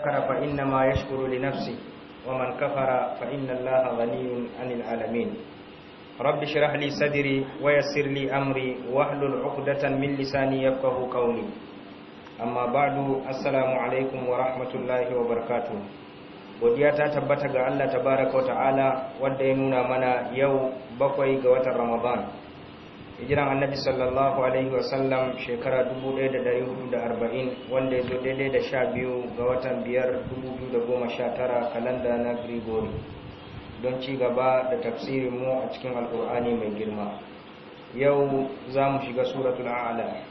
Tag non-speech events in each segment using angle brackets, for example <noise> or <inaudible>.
شكر فإنما يشكر لنفسه ومن كفر فإن الله غني عن العالمين رب اشرح لي صدري ويسر لي أمري واحلل عقدة من لساني يفقه قولي أما بعد السلام عليكم ورحمة الله وبركاته godiya ta tabbata ga Allah tabaraka wa ta'ala wanda ya nuna mana yau bakwai ga watan Ramadan hijiran annabi sallallahu alaihi wasallam shekara 1440 wanda ya zo daidai da sha biyu ga watan biyar 2019 kalanda na grigori don ci gaba da tafsirin mu a cikin alkur'ani mai girma yau za mu shiga suratul a'ala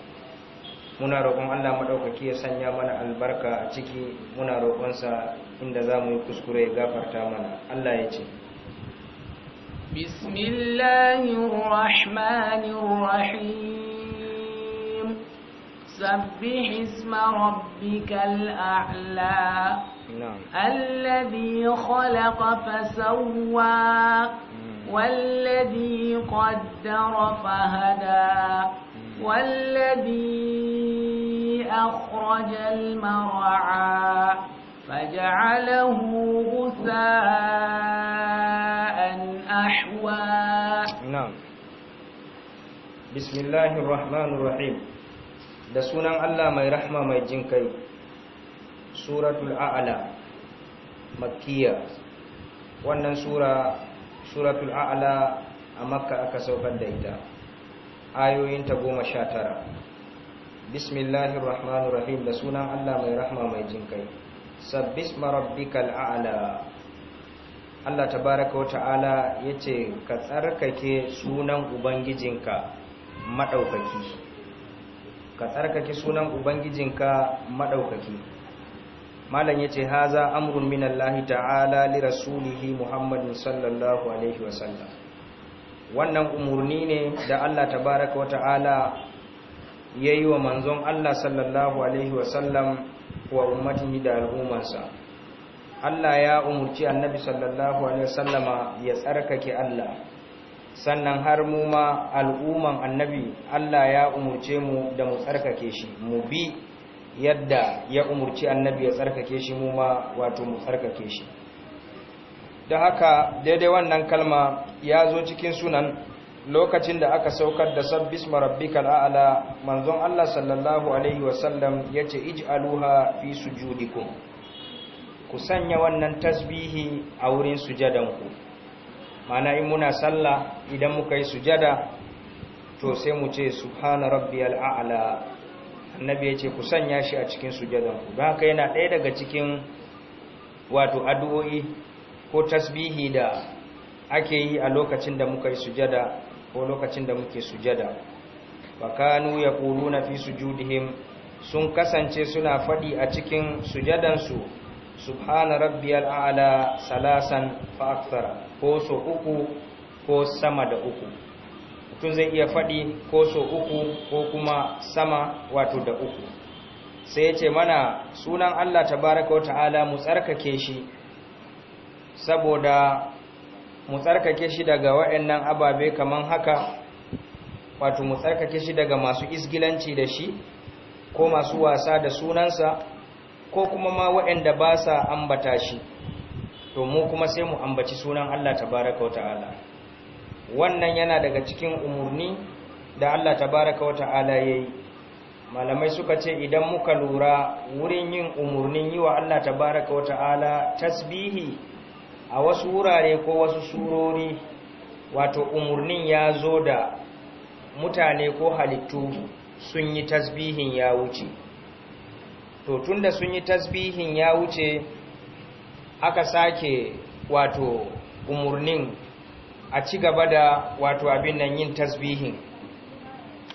muna roƙon Allah maɗaukaki ya sanya mana albarka a ciki muna roƙonsa inda za mu yi kuskure ya gafarta mana Allah ya ce بسم الله الرحمن الرحيم سبح اسم ربك الأعلى نعم. الذي خلق فسوى والذي قدر فهدى والذي أخرج المرعى فجعله غثاء أحوى نعم بسم الله الرحمن الرحيم da sunan Allah mai rahma mai jin kai suratul a'la makkiya wannan sura suratul a'la a makka aka saukar da ita ayoyinta goma sha tara bismillahir rahmanir rahim da sunan Allah mai rahma mai jin kai sabbis marabbikal a'la Allah tabaraka wa ta'ala ya ce ka tsarkake sunan ubangijinka maɗaukaki ka tsarkake sunan ubangijinka maɗaukaki malam ya ce haza amrun minallahi ta'ala li rasulihi muhammadin sallallahu alaihi wasallam wannan umurni ne da Allah tabaraka wa ta'ala ya yi wa manzon Allah sallallahu alaihi wasallam wa ummatihi da al'ummarsa Allah ya umurci annabi sallallahu alaihi wasallama ya tsarkake Allah sannan har mu ma al'umman annabi Allah ya umurce mu da mu tsarkake shi mu bi yadda ya umurci annabi ya tsarkake shi mu ma wato mu tsarkake shi da haka daidai wannan kalma ya zo cikin sunan lokacin da aka saukar da sabbis marabbikal a'ala manzon Allah sallallahu alaihi wasallam yace ij'aluha fi sujudikum ku sanya wannan tasbihi a wurin sujadanku mana in muna sallah idan muka yi sujada to sai mu ce subhana rabbiyal a'la annabi ya ce ku sanya shi a cikin sujadanku don haka yana ɗaya daga cikin wato addu'o'i ko tasbihi da ake yi a lokacin da muka yi sujada ko lokacin da muke sujada wa kanu yaquluna fi sujudihim sun kasance suna faɗi a cikin sujadansu subhana rabbiyal a'la salasan fa ko so uku ko sama da uku mutum zai iya faɗi ko so uku ko kuma sama wato da uku sai yace mana sunan Allah tabaaraka wa ta'ala mu tsarkake shi saboda mu tsarkake shi daga waɗannan ababe kaman haka wato mu tsarkake shi daga masu isgilanci da shi ko masu wasa da sunansa ko kuma ma waɗanda ba sa ambata shi to mu kuma sai mu ambaci sunan Allah tabaraka wa ta'ala wannan yana daga cikin umurni da Allah tabaraka wa ta'ala yayi malamai suka ce idan muka lura wurin yin umurnin yi wa Allah tabaraka wa ta'ala tasbihi a wasu wurare ko wasu surori wato umurnin ya zo da mutane ko halittu sun yi tasbihin ya wuce to tunda sun yi tasbihin ya wuce aka sake wato umurnin a ci gaba da wato abin nan yin tasbihin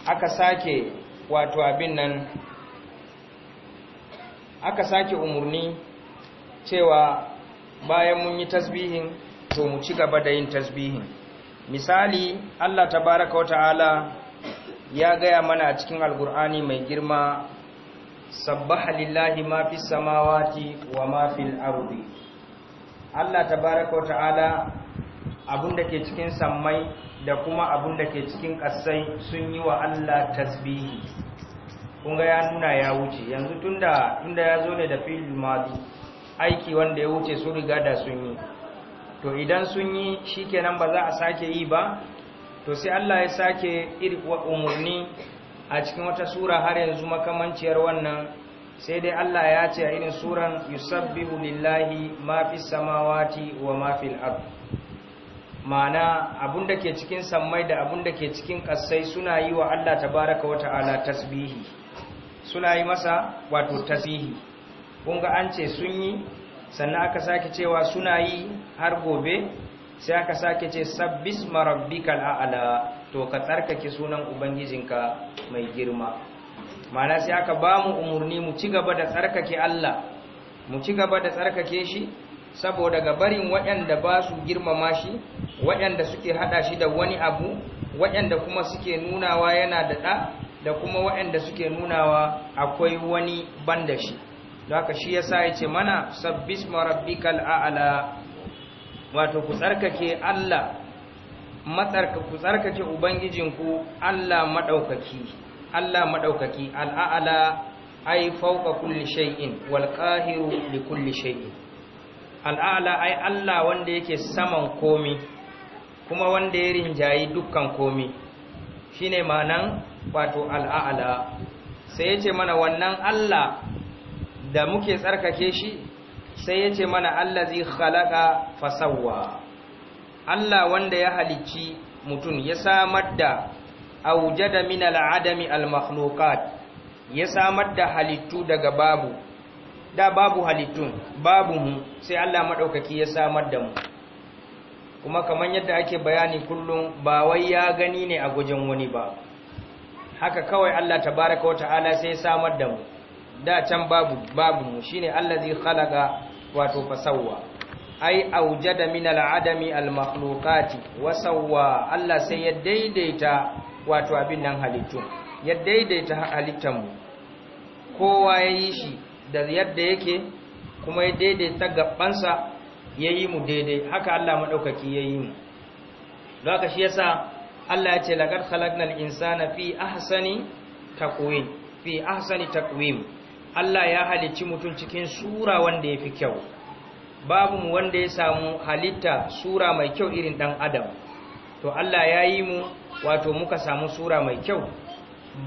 aka sake wato abin nan aka sake umurni cewa bayan mun yi tasbihin to mu ci gaba da yin tasbihin misali Allah tabaraka wa ta'ala ya gaya mana a cikin alkur'ani mai girma sabbaha lillahi ma fi samawati wa ma fil ardi Allah tabaraka ta'ala da ke cikin sammai da kuma da ke cikin kasai sun yi wa Allah tasbihi kun ga ya nuna ya wuce yanzu tunda tunda ya zo ne da fil madi aiki wanda ya wuce su riga da sun yi to idan sun yi shikenan ba za a sake yi ba to sai Allah ya sake irwa umurni a cikin wata sura har yanzu makamanciyar wannan sai dai Allah ya ce a irin suran yusabbihu lillahi ma fi samawati wa ma fil ard ma'ana abun da ke cikin sammai da abun ke cikin kasai suna yi wa Allah tabaraka wa ta'ala tasbihi suna yi masa wato tasbihi kun ga an ce sun yi sannan aka sake cewa suna yi har gobe sai aka sake ce sabbis marabbikal a'ala to ka tsarkake sunan ubangijinka mai girma mana sai aka ba mu umarni mu ci gaba da tsarkake Allah mu ci gaba da tsarkake shi saboda ga barin waɗanda ba su girmama shi waɗanda suke haɗa shi da wani abu waɗanda kuma suke nunawa yana da ɗa da kuma waɗanda suke nunawa akwai wani ban da shi da haka shi yasa ya ce mana sabbis marabbikal a'ala wato ku tsarkake Allah ku tsarkake ubangijinku Allah maɗaukaki Allah maɗaukaki al'a'ala ai fauka kulli shay'in wal qahiru li kulli shay'in al'a'ala ai Allah wanda yake saman komi kuma wanda ya rinjayi dukkan komi Shi ne ma'anan wato al'a'ala sai ya ce mana wannan Allah da muke tsarkake shi sai ya ce mana Allah zai khalaqa fasawwa Allah wanda ya halicci mutum ya samar da aujada min al'adami al-makhluqat ya samar da halittu daga babu da babu halittun babu mu sai Allah maɗaukaki ya samar da mu kuma kamar yadda ake bayani kullum ba wai ya gani ne a gujin wani ba haka kawai Allah tabaraka wa ta'ala sai ya samar da mu da can babu babu mu shine zai khalaqa wato fasawwa ai aujada min al'adami al-makhluqati wa sawwa Allah sai ya daidaita wato abin nan halittu ya daidaita halittan mu kowa yayi shi da yadda yake kuma ya daidaita gabansa yayi mu daidai haka Allah madaukaki yayi mu haka shi yasa Allah ya ce laqad khalaqnal insana fi ahsani taqwim fi ahsani taqwim Allah ya halicci mutum cikin sura wanda yafi kyau babu mu wanda ya samu halitta sura mai kyau irin dan adam to Allah ya yi mu wato muka samu sura mai kyau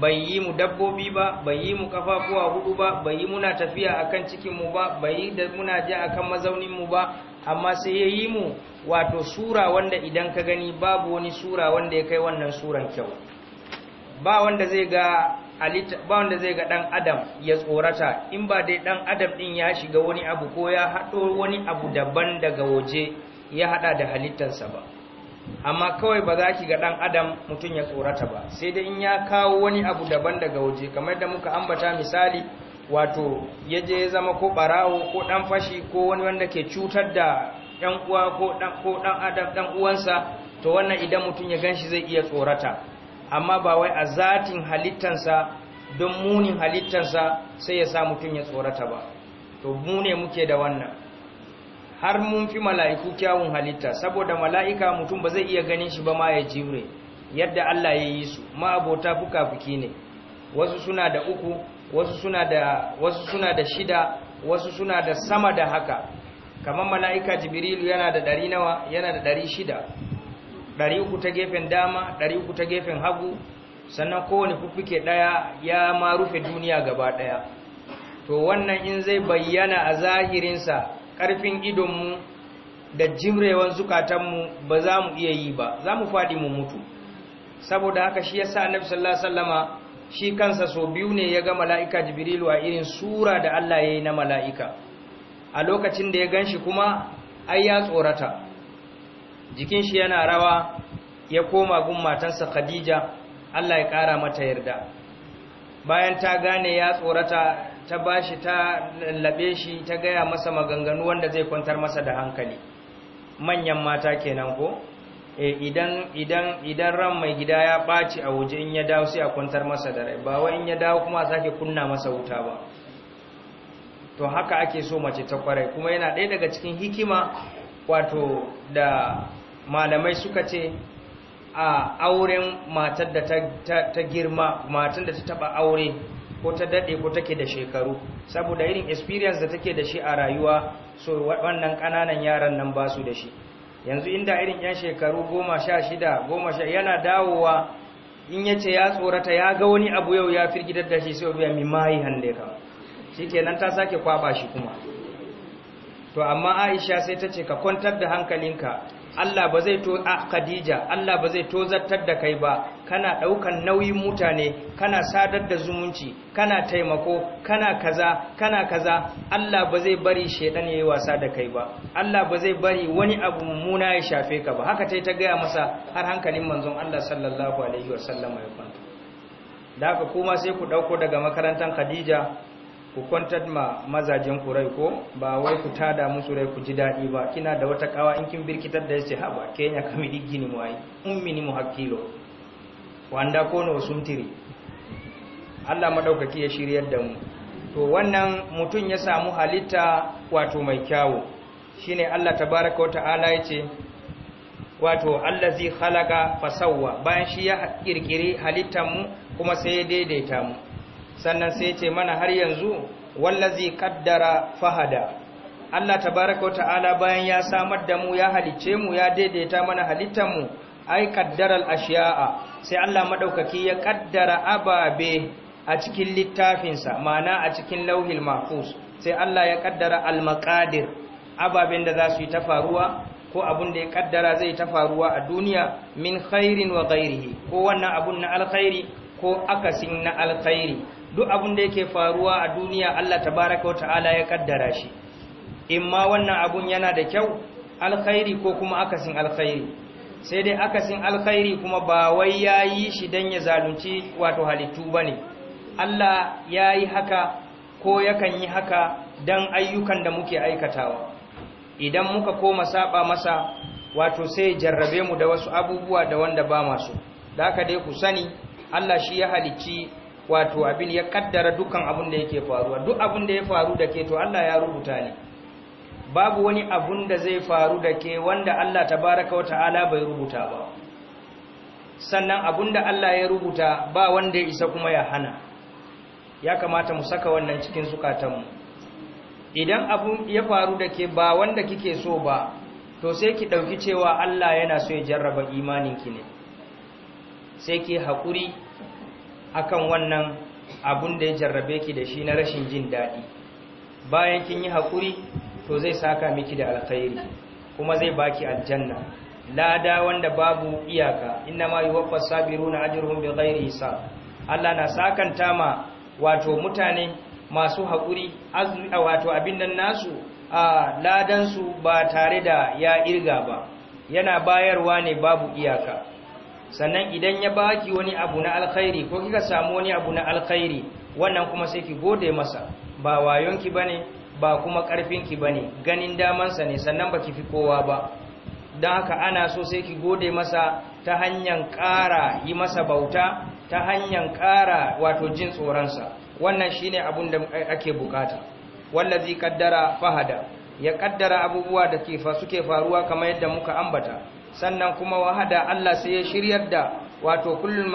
bai yi mu dabbobi ba bai yi mu kafafuwa hudu ba bai yi muna tafiya akan cikin mu ba bai yi da muna je akan mazaunin mu ba amma sai ya yi mu wato sura wanda idan ka gani babu wani sura wanda ya kai wannan suran kyau ba wanda zai ga ba wanda zai ga dan adam ya tsorata in ba dai dan adam din ya shiga wani abu ko ya haɗo wani abu daban daga waje ya haɗa da halittarsa ba amma kawai ba za ki ga dan adam mutum ya tsorata ba sai dai in ya kawo wani abu daban daga waje kamar da muka ambata misali wato ya je ya zama ko ɓarawo ko dan fashi ko wani wanda ke cutar da ɗan uwa ko dan adam dan uwansa to wannan idan mutum ya ganshi zai iya tsorata amma ba wai a zatin halittansa don munin halittansa sai ya sa mutum ya tsorata ba to mu ne muke da wannan har mun fi mala'iku kyawun halitta saboda mala'ika mutum ba zai iya ganin shi ba ma ya jimre yadda Allah ya yi su ma abota fuka-fuki ne wasu suna da uku wasu suna da wasu suna da shida wasu suna da sama da haka kamar mala'ika jibrilu yana da ɗari nawa yana da ɗari shida uku ta gefen dama uku ta gefen hagu sannan kowane fuffuke ɗaya ya ma rufe duniya gaba daya to wannan in zai bayyana a zahirinsa karfin idonmu da jimrewan zukatanmu ba za mu iya yi ba za mu faɗi mu mutu saboda haka shi yasa annabi sallallahu alaihi wasallama shi kansa so biyu ne ya ga mala'ika jibrilu a irin sura da Allah ya yi na mala'ika a lokacin da ya ganshi kuma ai ya tsorata jikin shi yana rawa ya koma gun matansa khadija allah ya ƙara mata yarda bayan ta gane ya tsorata ta bashi ta lallabe shi ta gaya masa maganganu wanda zai kwantar masa da hankali manyan mata kenan ko eh, idan idan idan ran mai gida ya ɓaci a waje in ya dawo sai a kwantar masa da rai ba wai in ya dawo kuma a sake kunna masa wuta ba to haka ake so mace ta kwarai kuma yana ɗaya daga cikin hikima wato da malamai suka ce a auren matar da ta girma matar da ta taba aure ko ta daɗe ko take da shekaru saboda irin experience da take da shi a rayuwa so wannan ƙananan yaran nan ba su da shi yanzu inda irin 'yan shekaru goma sha shida goma sha yana dawowa in yace ya tsorata ya ga wani abu yau ya firgitar da shi sai biya mi mayi hande ka shi kenan ta sake kwaba shi kuma to amma aisha sai ta ce ka kwantar da hankalinka Allah ba zai to a Khadija Allah ba zai tozartar da kai ba kana ɗaukan nauyin mutane kana sadar da zumunci kana taimako kana kaza kana kaza Allah ba zai bari shedan yayi wasa da kai ba Allah ba zai bari wani abu mummuna ya shafe ka ba haka tai ta gaya masa har hankalin manzon Allah sallallahu alaihi wasallam ya kwanta da haka kuma sai ku ɗauko daga makarantar Khadija ku kwantar ma mazajen ku rai ko ba wai ku tada musu rai ku ji daɗi ba kina da wata kawa in kin birkitar da yace haba kenya kami digini mu ai ummi ni mu wanda ko no tiri? Allah madaukaki ya shiryar da mu to wannan mutun ya samu halitta wato mai kyawu shine Allah tabaaraka wa ta'ala yace wato allazi khalaqa fasawwa bayan shi ya kirkire halittar mu kuma sai ya daidaita mu sannan sai ce mana har yanzu wallazi kaddara fahada Allah tabaraka wa ta'ala bayan ya samar da mu ya halice mu ya daidaita mana halittar mu ai kaddaral ashiya'a sai Allah madaukaki ya kaddara ababe a cikin littafinsa ma'ana a cikin lauhil mahfuz sai Allah ya kaddara al maqadir ababen da za su yi ta faruwa ko abun da ya kaddara zai ta faruwa a duniya min khairin wa ghairihi ko wannan abun na alkhairi ko akasin na alkhairi duk abin da yake faruwa a duniya Allah tabaraka ta'ala ya kaddara shi in ma wannan abun yana da kyau alkhairi ko kuma akasin alkhairi sai dai akasin alkhairi kuma ba wai yayi shi dan ya zalunci wato halittu bane Allah yayi haka ko yakan yi haka dan ayyukan da muke aikatawa idan muka koma saba masa wato sai jarrabe mu da wasu abubuwa da wanda ba masu da haka dai ku sani Allah shi ya halicci wato abin ya kaddara dukkan abin da yake faruwa duk abin da ya faru da ke to Allah ya rubuta ne babu wani abun da zai faru da ke wanda Allah tabaraka wa ta'ala bai rubuta ba sannan abun da Allah ya rubuta ba wanda ya isa kuma ya hana ya kamata mu saka wannan cikin zukatanmu idan abun ya faru da ke ba wanda kike so ba to sai ki ɗauki cewa Allah yana so ya jarraba imaninki ne sai ki haƙuri akan wannan abun da ya jarrabe ki da shi na rashin jin daɗi bayan kin yi haƙuri to zai saka miki da alkhairi kuma zai baki aljanna lada wanda babu iyaka inna ma yuwaffas sabiruna ajruhum bighairi hisab Allah na sakanta ma wato mutane masu haƙuri wato abin nan nasu a ladan su ba tare da ya irga ba yana bayarwa ne babu iyaka sannan idan ya baki wani abu na alkhairi ko kika samu wani abu na alkhairi wannan kuma sai ki gode masa ba wayonki bane ba kuma karfinki bane ganin damansa ne sannan baki fi kowa ba don haka ana so sai ki gode masa ta hanyar ƙara yi masa bauta ta hanyar ƙara wato jin tsoron sa. wannan shine abun da ake bukata wallazi kaddara fahada ya kaddara abubuwa da suke faruwa kamar yadda muka ambata sannan kuma wahada Allah sai ya shiryar da wato kullum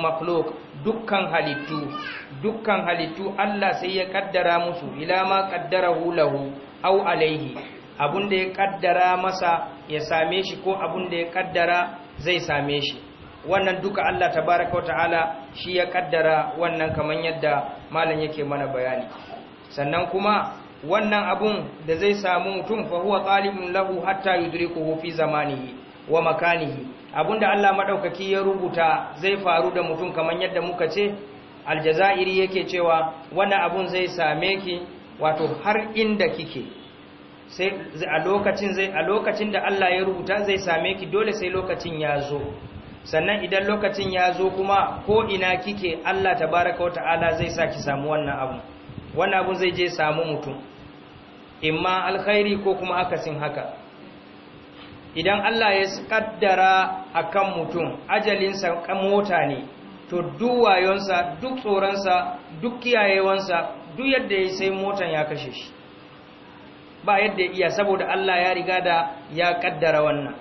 makhluk dukkan halittu dukkan halittu Allah sai ya kaddara musu ila ma qaddarahu lahu aw alaihi abun da ya kaddara masa ya same shi ko abun da ya kaddara zai same shi wannan duka Allah tabaraka wa ta'ala shi ya kaddara wannan kaman yadda malam yake mana bayani sannan kuma wannan abun da zai samu mutum fa huwa talibun lahu hatta yudrikuhu fi zamanihi wa makanihi abinda Allah madaukaki ya rubuta zai faru da mutum kamar yadda muka ce aljazairi yake cewa wannan abun zai same ki wato har inda kike sai a lokacin zai a lokacin da Allah ya rubuta zai same ki dole sai lokacin ya zo sannan idan lokacin ya zo kuma ko ina kike Allah tabaraka wa ta'ala zai sa ki samu wannan abu wannan abu zai je samu mutum imma alkhairi ko kuma akasin haka idan Allah ya kaddara akan mutum ajalinsa mota ne to duk duk tsoronsa duk kiyayewansa duk yadda ya sai motan ya kashe shi ba yadda ya iya saboda Allah ya riga da ya kaddara wannan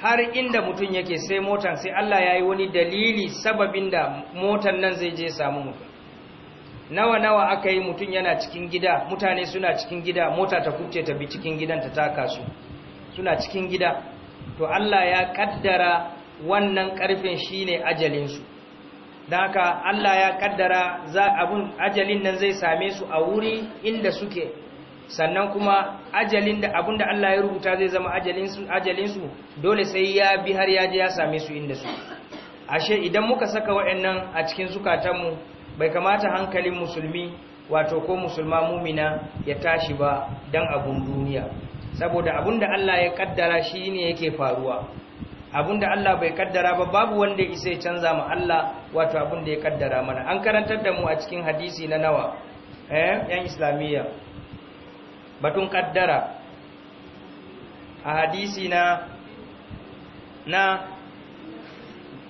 har inda mutum yake sai motan sai Allah ya yi wani dalili sababin da motan nan zai je samu mutum nawa nawa aka yi mutum yana cikin gida mutane suna cikin gida mota ta kubce ta bi cikin gidan ta taka su suna cikin gida to Allah ya kaddara wannan karfin shine ajalinsu don haka Allah ya kaddara za abun ajalin nan zai same su a wuri inda suke sannan kuma ajalin da abun da Allah ya rubuta zai zama ajalinsu ajalinsu dole sai ya bi har ya je ya same su inda su ashe idan muka saka waɗannan a cikin zukatanmu bai kamata hankalin musulmi wato ko musulma mumina ya tashi ba don abun duniya saboda abinda Allah ya kaddara shi ne yake faruwa abinda Allah bai kaddara ba babu wanda ya isa ya canza mu Allah wato abinda ya kaddara mana an karantar da mu a cikin hadisi na nawa eh yan islamiyya batun kaddara a hadisi na na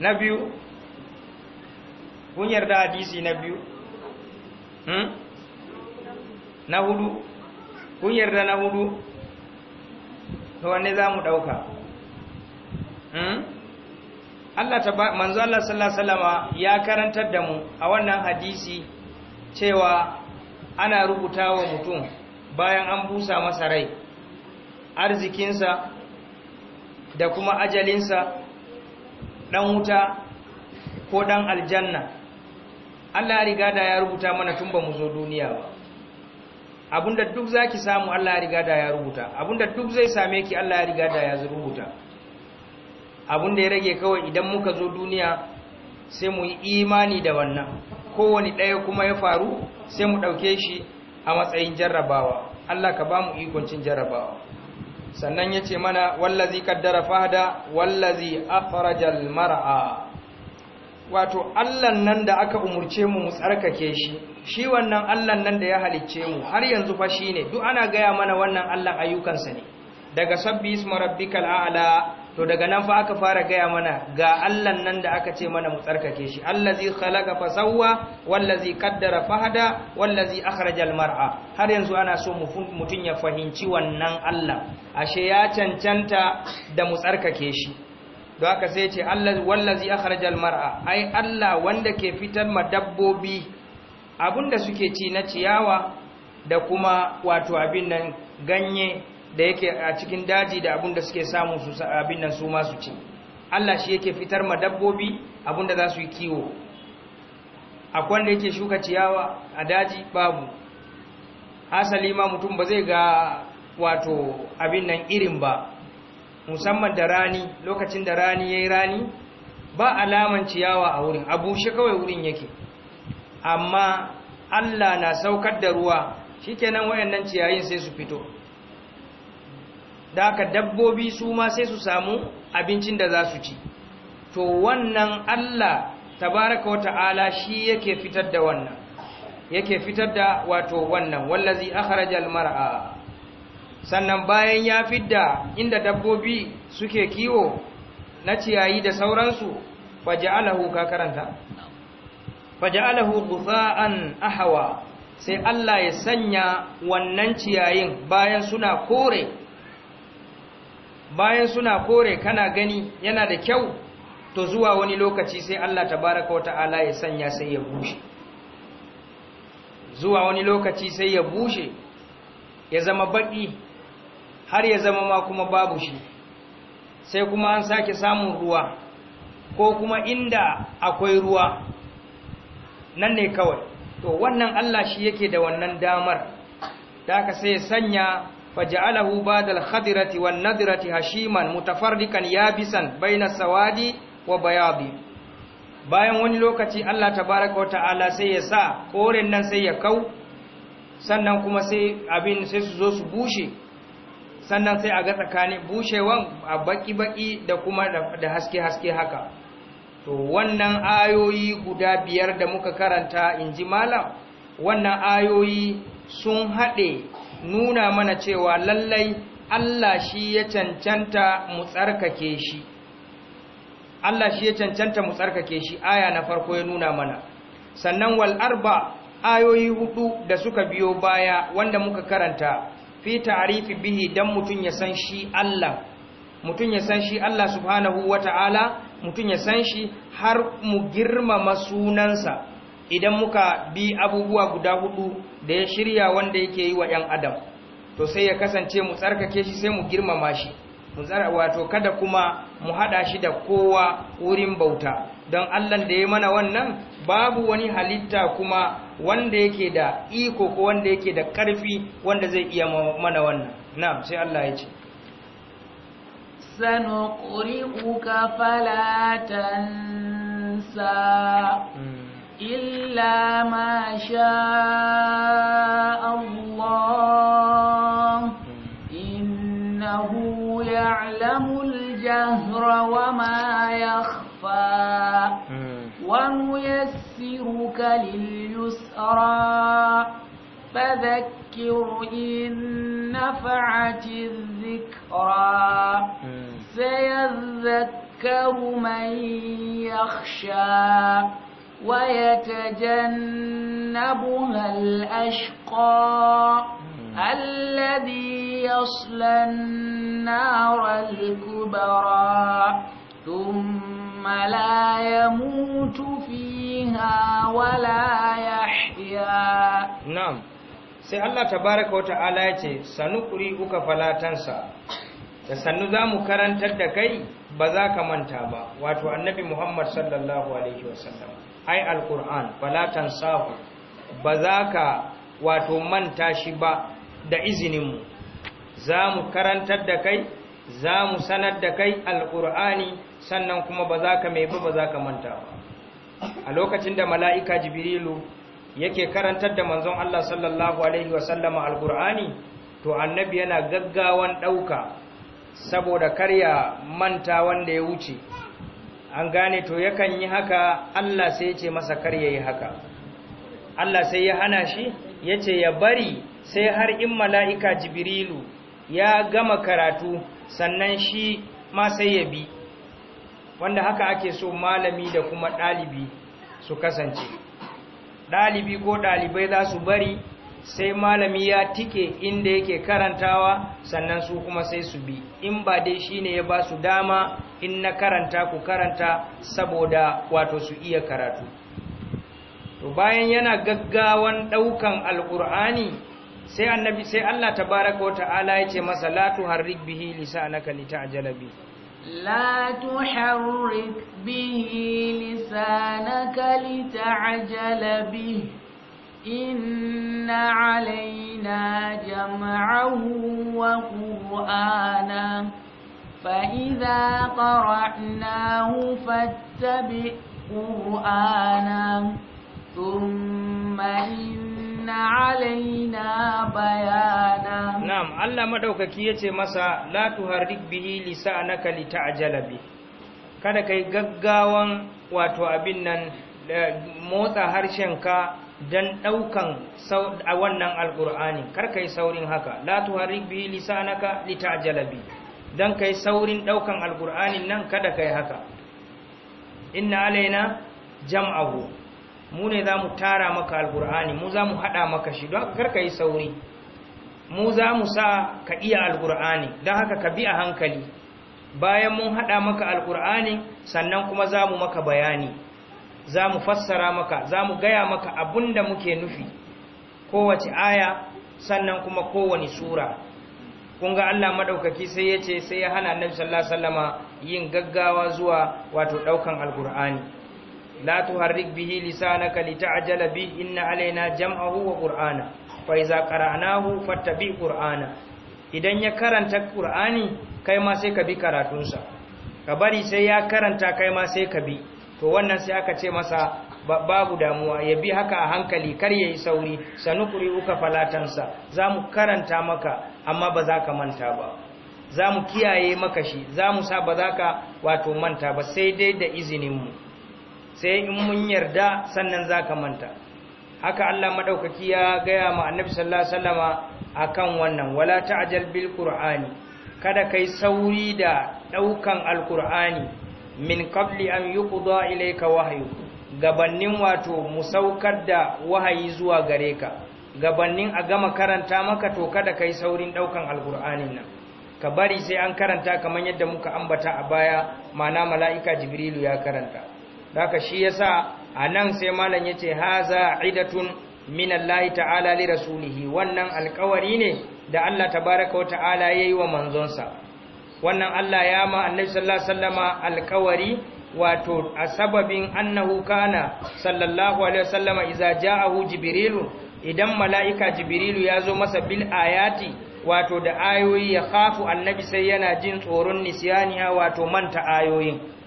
na biyu kun yarda hadisi na biyu hmm? na hudu kun yarda na hudu to wanne za mu ɗauka hmm? Allah manzo Allah sallallahu alaihi ya karantar da mu a wannan hadisi cewa ana rubuta wa mutum bayan an busa masa rai arzikinsa da kuma ajalinsa ɗan wuta ko ɗan aljanna Allah ya riga da ya rubuta mana tun ba mu zo duniya ba abinda duk zaki samu Allah ya riga da ya rubuta abinda duk zai same ki Allah ya riga da ya rubuta abinda ya rage kawai idan muka zo duniya sai mu yi imani da wannan kowani ɗaya kuma ya faru sai mu ɗauke shi a matsayin jarrabawa Allah ka ba mu ikoncin jarrabawa sannan ya ce mana wallazi kaddara fahada wallazi afarajal mar'a wato allah nan da aka umurce mu mu tsarkake shi shi wannan allan nan da ya halicce mu har yanzu fa shine duk ana gaya mana wannan allan ayyukansa ne daga sabbi isma rabbikal a'la to daga nan fa aka fara gaya mana ga allah nan da aka ce mana mu tsarkake shi allazi khalaqa fa sawwa wallazi qaddara fa hada wallazi akhraja al mar'a har yanzu ana so mutun ya fahimci wannan allah ashe ya cancanta da mu tsarkake shi don haka sai ce wallazi wallazi akhrajal mar'a ai Allah wanda ke fitar ma dabbobi abinda suke ci na ciyawa da kuma wato abin nan ganye da yake a cikin daji da abinda suke samu su abin nan su ma su ci Allah shi yake fitar ma dabbobi abinda za su yi kiwo akwai wanda yake shuka ciyawa a daji babu asali ma mutum ba zai ga wato abin nan irin ba musamman da rani lokacin da rani yayi rani ba alaman ciyawa a wurin a bushe kawai wurin yake amma Allah na saukar da ruwa shi wayan wayannan ciyayin sai su fito da aka dabbobi su ma sai su samu abincin da za su ci to wannan Allah tabaraka wa ta'ala, shi yake fitar da wannan yake fitar da wato wannan wallazi akhrajal mar'a sannan bayan ya fidda inda dabbobi suke kiwo na ciyayi da sauransu faja'alahu ka karanta faja'alahu ghutha'an ahwa sai Allah ya sanya wannan ciyayin bayan suna kore bayan suna kore kana gani yana da kyau to zuwa wani lokaci sai Allah tabaraka wa ta'ala ya sanya sai ya bushe zuwa wani lokaci sai ya bushe ya zama baki har ya zama ma kuma babu shi sai kuma an sake samun ruwa ko kuma inda akwai ruwa nan ne kawai to wannan Allah shi yake da wannan damar da aka sai sanya faja'alahu badal khadirati wan nadirati hashiman mutafarrikan yabisan baina sawadi wa bayadi bayan wani lokaci Allah tabaraka ta'ala sai ya sa koren nan sai ya kau sannan kuma sai abin sai su zo su bushe sannan sai a ga tsakani bushewan a baki-baki da kuma da haske-haske haka to wannan ayoyi guda biyar da muka karanta in ji malam wannan ayoyi sun haɗe nuna mana cewa lallai Allah shi ya cancanta mu tsarkake shi Allah shi ya cancanta mu tsarkake shi aya na farko ya nuna mana sannan wal arba ayoyi hudu da suka biyo baya wanda muka karanta fi ta'rifi bihi dan mutun ya san shi Allah mutun ya san shi Allah subhanahu wata'ala mutun ya san shi har mu girmama sunansa idan muka bi abubuwa guda hudu da ya shirya wanda yake yi wa ‘yan adam to sai ya kasance mu tsarkake shi sai mu girmama shi wato kada kuma mu hada shi da kowa wurin bauta don allah da ya mana wannan babu wani halitta kuma wanda yake da iko ko wanda yake da ƙarfi wanda zai iya mana wannan na sai Allah ya ce sanuqri'uka falatan sa hmm. illa ma sha Allah hmm. innahu ya'lamul jahra wa ma yakhfa hmm. ونيسرك لليسرى فذكر إن نفعت الذكرى سيذكر من يخشى ويتجنبها الأشقى الذي يصلى النار الكبرى ثم يوم لا يموت فيها ولا يحيا نعم sai Allah tabaraka wa ta'ala ya ce sanu kuri uka falatansa da sannu za mu karantar da kai ba za ka manta ba wato annabi Muhammad sallallahu alaihi wasallam ai alquran falatan sahu ba za ka wato manta shi ba da mu. za mu karantar da kai za mu sanar da kai alqurani sannan kuma ba za ka mai ba ba za ka manta ba. a lokacin da mala'ika jibrilu yake karantar da manzon Allah sallallahu alaihi wasallama alkur'ani to annabi yana gaggawan ɗauka saboda karya manta wanda ya wuce an gane to yakan yi haka Allah sai ya ce masa karya yi haka Allah sai ya hana shi ya ce ya bari sai har in mala'ika jibrilu ya gama karatu sannan shi ma sai ya bi wanda haka ake so malami da kuma ɗalibi su kasance ɗalibi ko ɗalibai za su bari sai malami ya tike inda yake karantawa sannan su kuma sai su bi in ba dai shine ya ba su dama in na karanta ku karanta saboda wato su iya karatu to bayan yana gaggawan daukan alƙur'ani sai annabi sai Allah tabaaraka wa ta'ala yace masa latu harrik bihi lisa lisanaka litajala bihi لا تحرك به لسانك لتعجل به إن علينا جمعه وقرآنا فإذا قرأناه فاتبع قرآنا ثم إن bayana. Na'am, na'am allah ya yace masa la tuharrik bihi lisanaka lita'jala bi kada kai gaggawan wato abin nan motsa harshenka dan daukan wannan alqur'ani kar kai saurin haka la tuharrik bihi lisanaka lita'jala bi dan kai saurin daukan alqur'anin nan kada kai haka inna alaina jam'ahu mu ne za mu tara maka alkur'ani mu za mu haɗa maka shi don ka yi sauri mu za mu sa ka iya alkur'ani don haka ka bi a hankali bayan mun haɗa maka alkur'ani sannan kuma za mu maka bayani za mu fassara maka za mu gaya maka abin da muke nufi kowace aya sannan kuma kowane sura Kunga Allah maɗaukaki sai ya ce sai ya hana annabi sallallahu alaihi wasallama yin gaggawa zuwa wato ɗaukan alkur'ani لا تحرك به لسانك لتعجل به إن علينا جمعه وقرآنه فإذا قرأناه فاتبع قرآنه idan ya karanta Qur'ani kai ma sai ka bi karatunsa ka bari sai ya karanta kai ma sai ka bi to wannan sai aka ce masa babu damuwa ya bi haka a hankali kar yayi sauri sanukuri uka falatansa zamu karanta maka amma ba za ka manta ba zamu kiyaye maka shi zamu sa ba za ka wato manta ba sai dai da izinin mu sai in mun yarda sannan za ka manta haka Allah maɗaukaki ya gaya ma annabi sallallahu alaihi wasallama akan wannan wala ta'jal bil qur'ani kada kai sauri da daukan alqur'ani min qabli an yuqda ilayka wahyu gabannin wato musaukar da wahayi zuwa gare ka gabannin a gama karanta maka to kada kai saurin daukan alqur'anin nan ka bari sai an karanta kamar yadda muka ambata a baya mana mala'ika jibrilu ya karanta kaka shi yasa nan sai malam ya yace haza idatun min Allah ta'ala li rasulihi wannan alƙawari ne da Allah tabaraka wa ta'ala yayi wa manzonsa wannan Allah ya ma annabi sallallahu alaihi wasallama alƙawari wato a sababin annahu kana sallallahu alaihi wasallama idza ja'ahu jibrilu idan mala'ika jibrilu ya zo masa bil ayati wato da ayoyi ya khafu annabi sai yana jin tsoron nisyaniha wato manta ayoyin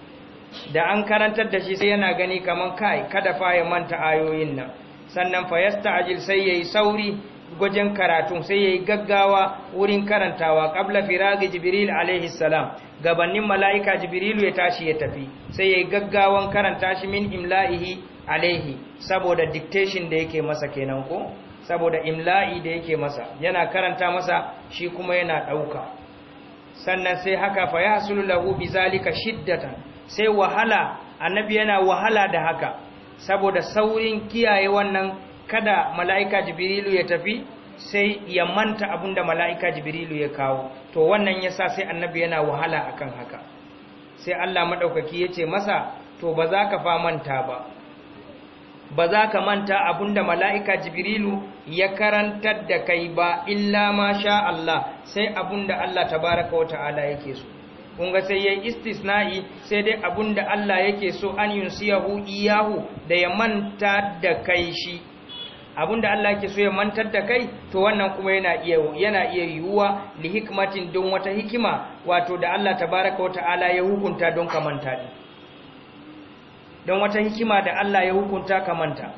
da an karantar da shi sai yana gani kaman kai kada fa ya manta ayoyin nan sannan fa yasta'jil sai yayi sauri gwajin karatu. sai yayi gaggawa wurin karantawa qabla firagi jibril alaihi salam gabanin malaika jibrilu ya tashi ya tafi sai yayi gaggawan karanta shi min imla'ihi alaihi saboda dictation da yake masa kenan ko saboda imla'i da yake masa yana karanta masa shi kuma yana dauka sannan sai haka fa yahsulu lahu bizalika shiddatan sai wahala annabi yana wahala da haka saboda saurin kiyaye wannan kada mala'ika jibrilu ya tafi sai ya manta abunda mala'ika jibrilu ya kawo to wannan yasa sai annabi yana wahala akan haka sai Allah maɗaukaki ya ce masa to ba za ka fa manta ba ba za ka manta abunda mala'ika jibrilu ya karantar da kai ba illa ma sha Allah sai abunda Allah tabaraka wa ta'ala yake so kun ga sai yayi istisna'i sai dai abunda Allah yake so an yunsiyahu iyahu da ya manta da kai shi abunda Allah yake so ya mantar da kai to wannan kuma yana iya yana iya yiwuwa li hikmatin don wata hikima wato da Allah tabaraka Ta'ala ya hukunta don ka manta ne. don wata hikima da Allah ya hukunta ka manta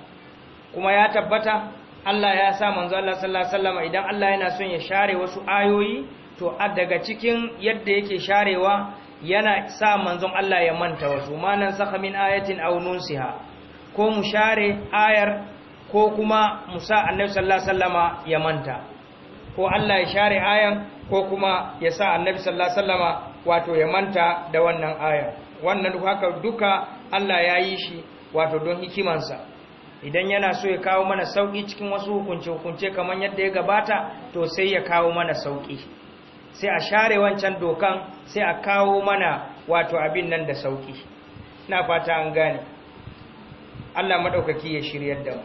kuma ya tabbata Allah ya sa manzo Allah sallallahu alaihi wasallam idan Allah yana son ya share wasu ayoyi to a daga cikin yadda yake sharewa yana sa manzon Allah ya manta wasu manan saka min ayatin aw nunsiha ko mu share ayar ko kuma mu annabi sallallahu alaihi wasallama ya manta ko Allah ya share ayan ko kuma ya sa annabi sallallahu alaihi wasallama wato ya manta da wannan ayan wannan haka duka Allah ya yi shi wato don hikimansa idan yana so ya kawo mana sauki cikin wasu hukunce-hukunce kamar yadda ya gabata to sai ya kawo mana sauki sai a share wancan dokan sai a kawo mana wato abin nan da sauki ina fata an gane Allah madaukaki ya shiryar da mu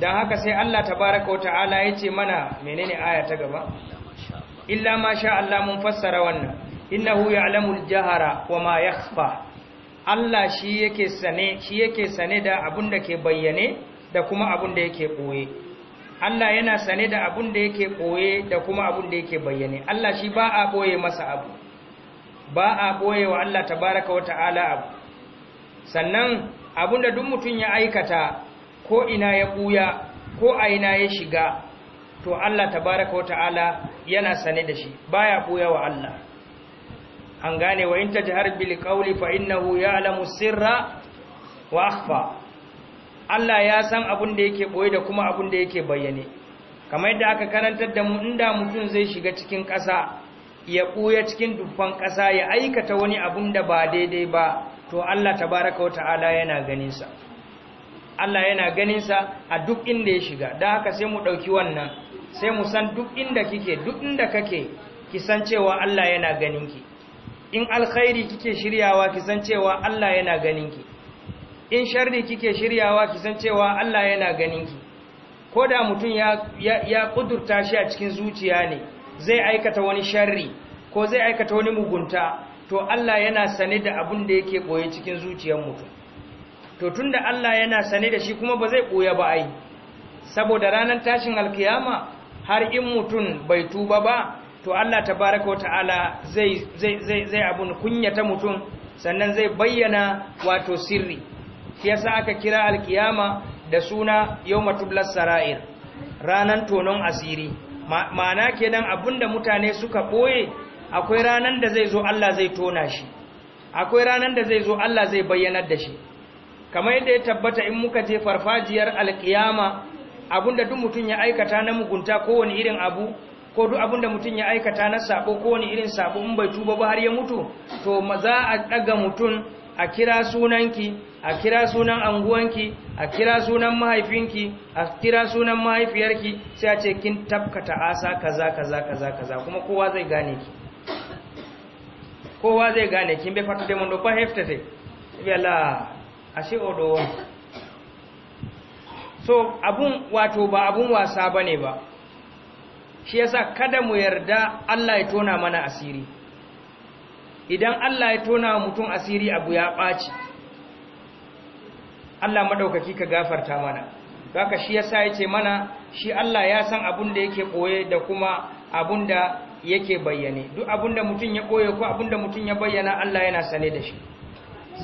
dan haka sai Allah tabaraka wa ta'ala ce mana menene aya ta gaba illa ma sha Allah mun fassara wannan innahu ya'lamul jahara wa ma yakhfa Allah shi yake sane shi yake sane da abin da ke bayyane da kuma abin da yake boye Allah yana sane da abun da yake ɓoye da kuma abun da yake bayyane Allah shi ba a ɓoye masa abu ba a ɓoye wa Allah tabaraka wa ta'ala abu sannan abun da duk mutum ya aikata ko ina ya buya, ko a ina ya shiga to Allah tabaraka wa ta'ala yana sane da shi baya buya wa Allah an gane wa in tajhar bil qawli fa innahu ya'lamu sirra wa akhfa Allah ya san abin da yake boye da kuma abin da yake bayyane kamar yadda aka karantar da mu inda mutum zai shiga cikin ƙasa ya ɓuya cikin dubban ƙasa ya aikata wani abin da ba daidai ba to Allah tabaraka wa ta'ala yana ganin sa Allah yana ganin sa a duk inda ya shiga dan haka sai mu dauki wannan sai mu san duk inda kike duk inda kake ki san cewa Allah yana ganin ki in alkhairi kike shiryawa ki san cewa Allah yana ganin ki in sharri kike shiryawa ki san cewa Allah yana ganin ki ko da mutum ya ya kudurta shi a cikin zuciya ne zai aikata wani sharri ko zai aikata wani mugunta to Allah yana sane da abin da yake boye cikin zuciyar mutum to tunda Allah yana sane da shi kuma ba zai koya ba ai saboda ranar tashin alkiyama har in mutum bai tuba ba to Allah tabaraka ta'ala zai zai zai zai abun kunyata mutum sannan zai bayyana wato sirri shi yasa aka kira alkiyama da suna Yau tublas sara'ir ranan tonon asiri ma'ana kenan abinda mutane suka boye akwai ranan da zai zo Allah zai tona shi akwai ranan da zai zo Allah zai bayyanar da shi kamar yadda ya tabbata in muka je farfajiyar alkiyama abinda duk mutum ya aikata na mugunta kowane irin abu ko duk abin da mutum ya aikata na sabo ko wani irin sabo in bai tuba ba har ya mutu to za a daga mutum a kira sunanki a kira sunan anguwanki a kira sunan mahaifinki a kira sunan mahaifiyarki sai a ce kin tabkata asa kaza kaza kaza kaza kuma kowa zai gane ki kowa zai gane ki fata fatude mon do pa heftate be la ashe odo so abun wato ba abun wasa bane ba shi yasa kada mu yarda Allah ya tona mana asiri idan Allah ya tona mutum asiri abu ya ɓaci Allah maɗaukaki ka gafarta mana ka shi ya sa ya ce mana shi Allah ya san abun da yake ɓoye da kuma abun da yake bayyane duk abun da mutum ya ɓoye ko abun da mutum ya bayyana Allah yana sane da shi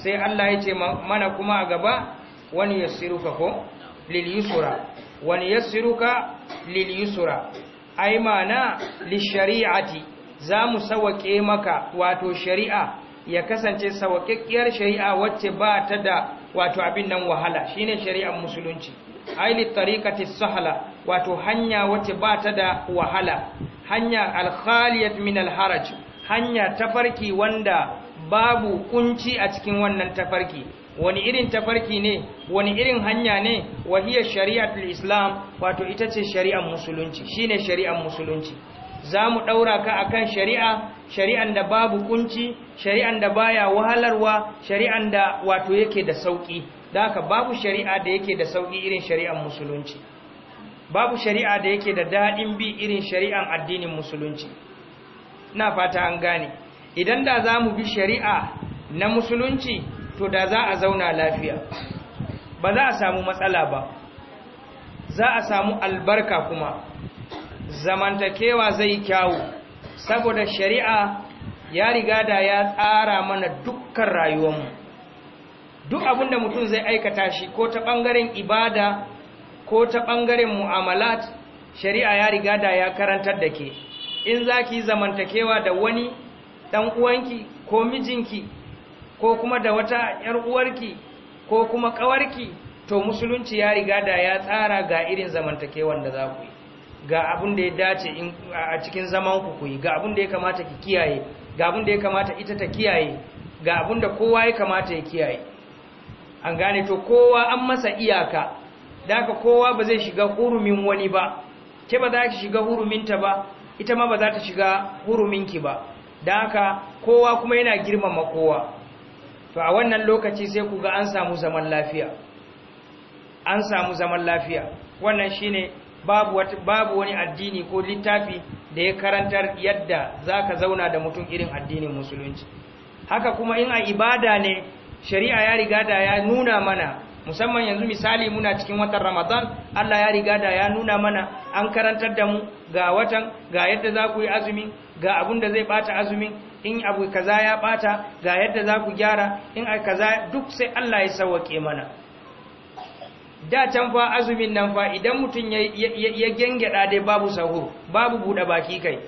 sai Allah ya ce mana kuma a gaba wani ya siruka ko liliyusura wani yassiruka lil yusra ay mana lishari'ati za mu sawaƙe maka wato shari'a ya kasance sawaƙaƙƙiyar shari'a wacce ba ta da wato abin nan wahala Shi ne shari'ar musulunci aili tariqati sahala wato hanya wacce ba ta da wahala hanya alkhaliyat min alharaj hanya tafarki wanda babu kunci a cikin wannan tafarki wani irin tafarki ne wani irin hanya ne wahiyar shari'atul islam wato ita ce shari'ar musulunci Shi ne shari'ar musulunci za mu ɗaura ka akan shari'a shari'an da babu kunci shari'an da baya wahalarwa shari'an da wato yake da sauƙi da haka babu shari'a da yake da sauƙi irin shari'an musulunci babu shari'a da yake da daɗin bi irin shari'an addinin musulunci na fata an gane idan da za mu bi shari'a na musulunci to da za a zauna lafiya ba za a samu matsala ba za a samu albarka kuma zamantakewa zai kyawu saboda shari'a ya riga da ya tsara mana dukkan rayuwar mu. duk abinda mutum zai aikata shi ko ta bangaren ibada ko ta ɓangaren mu'amalat shari'a ya riga da ya karantar da ke in zaki ki zamantakewa da wani ɗan uwanki ko mijinki ko kuma da wata ‘yar uwarki ko kuma ƙawarki to musulunci ya riga da ya tsara ga irin zamantakewan da za ku yi ga abin da ya dace a cikin zaman ku kuyi ga abin da ya kamata ki kiyaye ga abin da ya kamata ita ta kiyaye ga abin da kowa ya kamata ya kiyaye an gane to kowa an masa iyaka daka kowa ba zai shiga hurumin wani ba ke ba za ki shiga hurumin ta ba ita ma ba za ta shiga huruminki ba daka kowa kuma yana girmama kowa to a wannan lokaci sai ku ga an samu zaman lafiya an samu zaman lafiya wannan shine babu babu wani addini ko littafi da ya karantar yadda zaka zauna da mutum irin addinin musulunci haka kuma in a ibada ne shari'a ya riga da ya nuna mana musamman yanzu misali muna cikin watan Ramadan Allah ya riga da ya nuna mana an karantar da mu ga watan ga yadda za ku yi azumi ga abun da zai bata azumi, in abu kaza ya bata ga yadda za ku gyara in kaza duk sai Allah ya sauke mana da can fa azumin nan fa idan mutum ya gengeda dai babu sahu babu buɗe baki kai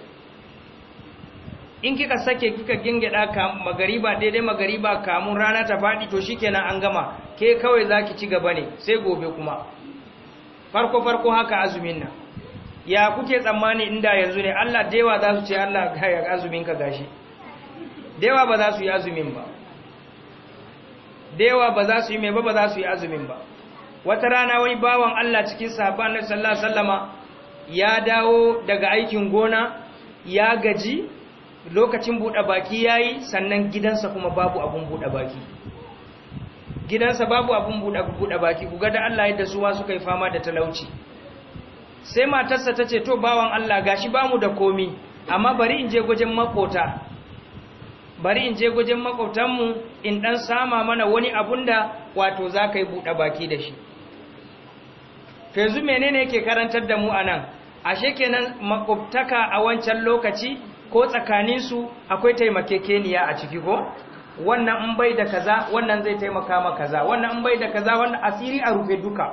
in kika sake kika gengeda magariba daidai magariba kamun rana ta faɗi to shikenan an gama ke kawai zaki ci gaba ne sai gobe kuma farko farko haka azumin nan ya kuke tsammani inda yanzu ne Allah dewa za su ce Allah ga azumin ka gashi dewa ba za su yi azumin ba ba za su yi mai ba ba za su yi azumin ba wata rana wani bawan Allah cikin sahabban na sallallahu alaihi wasallama ya dawo daga aikin gona ya gaji lokacin buɗe baki yayi sannan gidansa kuma babu abun buɗe baki gidansa babu abun buɗe baki ku ga da Allah yadda suwa suka yi fama da talauci sai matarsa ta ce to bawan Allah gashi bamu da komi amma bari in je gujin makota bari in je makotanmu in dan sama mana wani abunda wato za ka yi buɗe baki da shi to yanzu menene yake karantar da mu anan ashe kenan makubtaka a wancan lokaci ko tsakanin su akwai taimakekeniya a ciki ko wannan in bai da kaza wannan zai taimaka ma kaza wannan in bai da kaza wannan asiri a rufe duka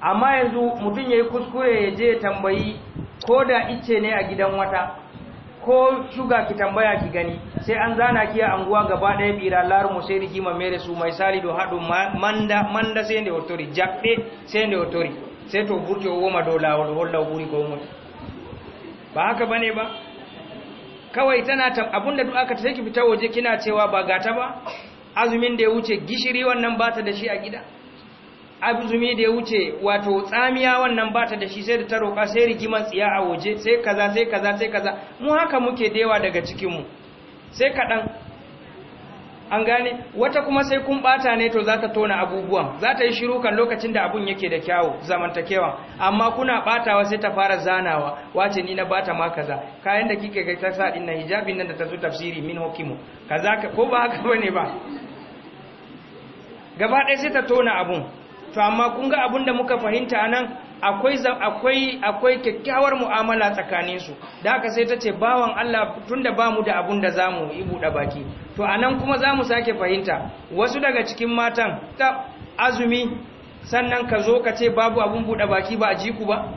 amma yanzu mutum yayi kuskure ya je tambayi ko da ice ne a gidan wata ko shuga ki tambaya ki gani sai an zana ki a anguwa gaba ɗaya bira laru mu sai ma mere su mai sali do haɗu manda manda sai ne otori jaɓɓe sai ne otori sai to burke o ma dola lawol holla ɓuri ko mum ba haka bane ba kawai tana ta, abunda duk aka sai ki fita waje kina cewa ba gata ba azumin da ya wuce gishiri wannan bata da shi a gida zumi da ya wuce wato tsamiya wannan bata da shi sai da ta roƙa sai rigiman tsiya a waje sai kaza sai kaza sai kaza mu haka muke dewa daga cikinmu sai kaɗan an gane wata kuma sai kun ɓata ne to za ta tona abubuwan za ta yi shiru kan lokacin da abun yake da kyawu zamantakewa amma kuna ɓatawa sai ta fara zanawa wace ni na bata ma kaza kayan da kike ga ta saɗin na hijabin nan da ta zo tafsiri min hokimu kaza ko ba haka bane ba gaba ɗaya sai ta tona abun to amma kun ga abin da muka fahimta anan akwai akwai akwai kyakkyawar mu'amala tsakanin su da haka sai tace ce bawan Allah tunda ba mu da abin da zamu yi buɗe baki to anan kuma zamu sake fahimta wasu daga cikin matan ta azumi sannan ka zo ka ce babu abin buɗa baki ba a jiku ba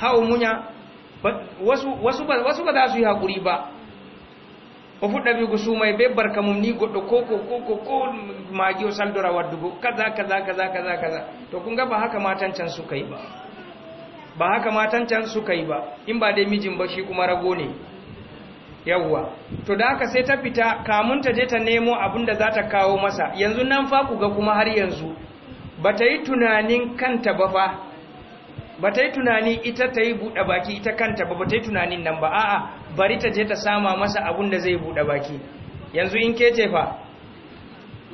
ha'umunya wasu wasu ba za su yi hakuri ba o fuɗɗaɓi go suumay be barka mum ni goɗɗo ko ko ko ko maagi o saldora waddugo kaza kaza kaza kaza kaza to kunga ba haka matan can suka yi ba ba haka matan can suka yi ba in ba dai mijin ba shi kuma rago ne yawwa to da haka sai ta fita kamun ta je ta nemo abin da za ta kawo masa yanzu nan fa ku ga kuma har yanzu ba ta yi tunanin kanta ba fa ba ta yi tunani ita ta yi buɗe baki ita kanta ba ba ta yi tunanin nan ba a'a bari ta je ta sama masa abun da zai buɗe baki yanzu in ke ce fa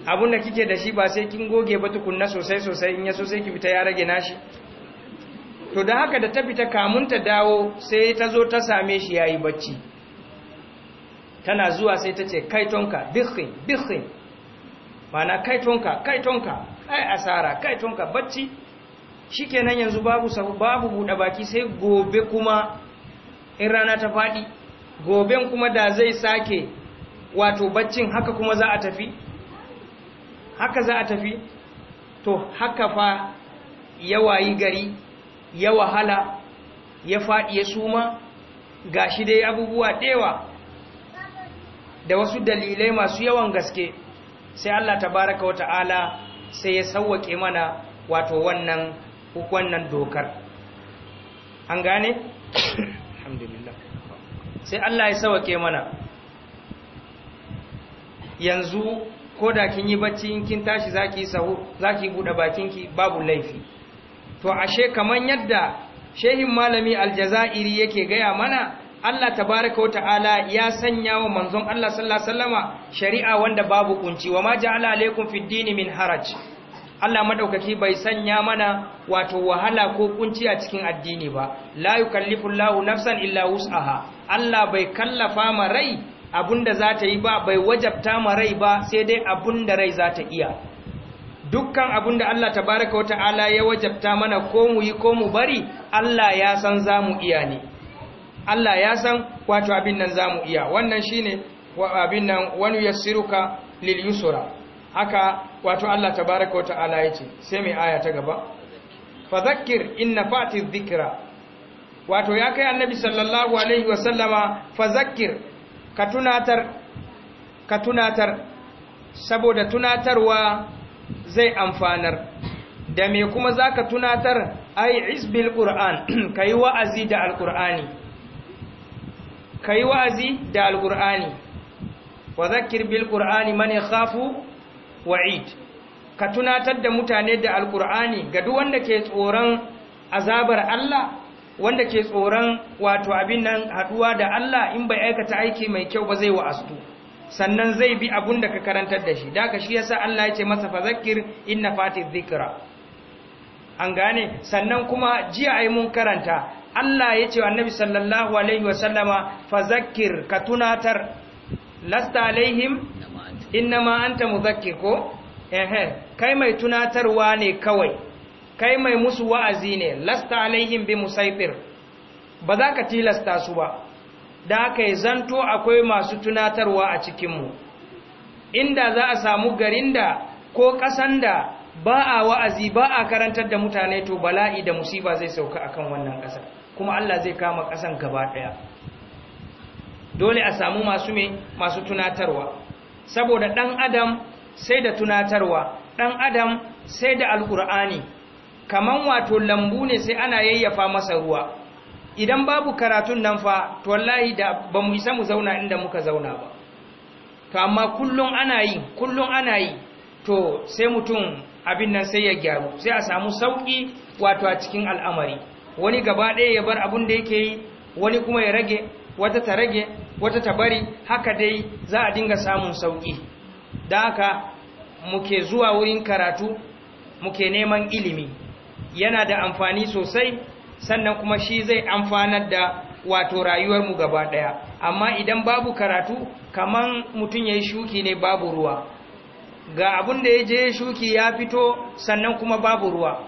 abun da kike da shi ba sai kin goge ba tukunna sosai sosai in ya so sai ki fita ya rage nashi to da haka da ta fita kamun ta dawo sai ta zo ta same shi yayi bacci tana zuwa sai ta ce kai tonka bikhin mana kai tonka kai tonka kai asara kai tonka bacci shikenan yanzu babu babu buɗe baki sai gobe kuma in rana ta faɗi goben kuma da zai sake wato baccin haka kuma za a tafi haka za a tafi to haka fa ya wayi gari ya wahala ya faɗi ya suma ga shi dai abubuwa ɗewa da wasu dalilai masu yawan gaske sai Allah tabaraka wa ta'ala sai ya sauwake mana wato wannan wannan dokar an gane alhamdulillah sai Allah ya sauke mana yanzu ko da kin yi bacci in kin tashi zaki sahur zaki bude bakinki babu laifi to ashe kaman yadda shehin malami aljazairi yake gaya mana Allah tabaraka wa ta'ala ya sanya wa manzon Allah sallallahu alaihi wasallama shari'a wanda babu kunci wa ma ja'ala alaikum fid dini min haraj Allah madaukaki bai sanya mana wato wahala ko kunci a cikin addini ba la Fulawu nafsan illa wus'aha Allah bai kallafa ma rai abinda za ta yi ba bai wajabta ma rai ba sai dai abinda rai za ta iya dukkan abinda Allah tabaaraka wa ta'ala ya wajabta mana ko mu yi ko mu bari Allah ya san za mu iya ne Allah ya san wato abin nan za mu iya wannan shine wa abin nan wani yassiruka lil yusra haka wato Allah tabaraka wa ta'ala yace sai mai aya ta gaba fadhakkir inna fati dhikra wato ya kai annabi sallallahu alaihi wa sallama fadhakkir ka tunatar ka tunatar saboda tunatarwa zai amfanar da me kuma zaka tunatar ai isbil qur'an <clears throat> kai wa'azi da alqur'ani kai wa'azi da alqur'ani fadhakkir bil qur'ani man yakhafu wa'id ka tunatar da mutane da alkur'ani ga duk wanda ke tsoron azabar Allah wanda ke tsoron wato abin nan haduwa da Allah in bai aikata aiki mai kyau ba zai wa'astu sannan zai bi abun da ka karantar da shi daga shi yasa Allah ya ce masa fazakir inna fati dhikra an gane sannan kuma jiya ai mun karanta Allah ya ce wa Annabi sallallahu alaihi wasallama fazakir ka tunatar lasta alaihim ma anta muzakki ko ehe kai mai tunatarwa ne kawai kai mai musu wa'azi ne lasta alaihim bi musaitir ba za ka tilasta su ba da kai zanto akwai masu tunatarwa a cikinmu inda za a samu garin da ko ƙasan da ba a wa'azi ba a karantar da mutane to bala'i da musiba zai sauka akan wannan ƙasa kuma Allah zai kama ƙasan gaba ɗaya dole a samu masu me masu tunatarwa saboda ɗan adam sai da tunatarwa ɗan adam sai da alƙur'ani kaman wato lambu ne sai ana yayyafa masa ruwa idan babu karatun nan fa to wallahi da ba mu isa mu zauna inda muka zauna ba to amma kullum ana yi kullum ana yi to sai mutum abin nan sai ya gyaru sai a samu sauƙi wato a cikin al'amari wani gaba ɗaya ya bar abin da yake yi wani kuma ya rage wata ta rage wata ta bari haka dai za a dinga samun sauki da haka muke zuwa wurin karatu muke neman ilimi yana da amfani sosai sannan kuma shi zai amfanar da wato rayuwarmu gaba ɗaya. amma idan babu karatu kaman mutum ya yi shuki ne babu ruwa ga abin da ya je shuki ya fito sannan kuma babu ruwa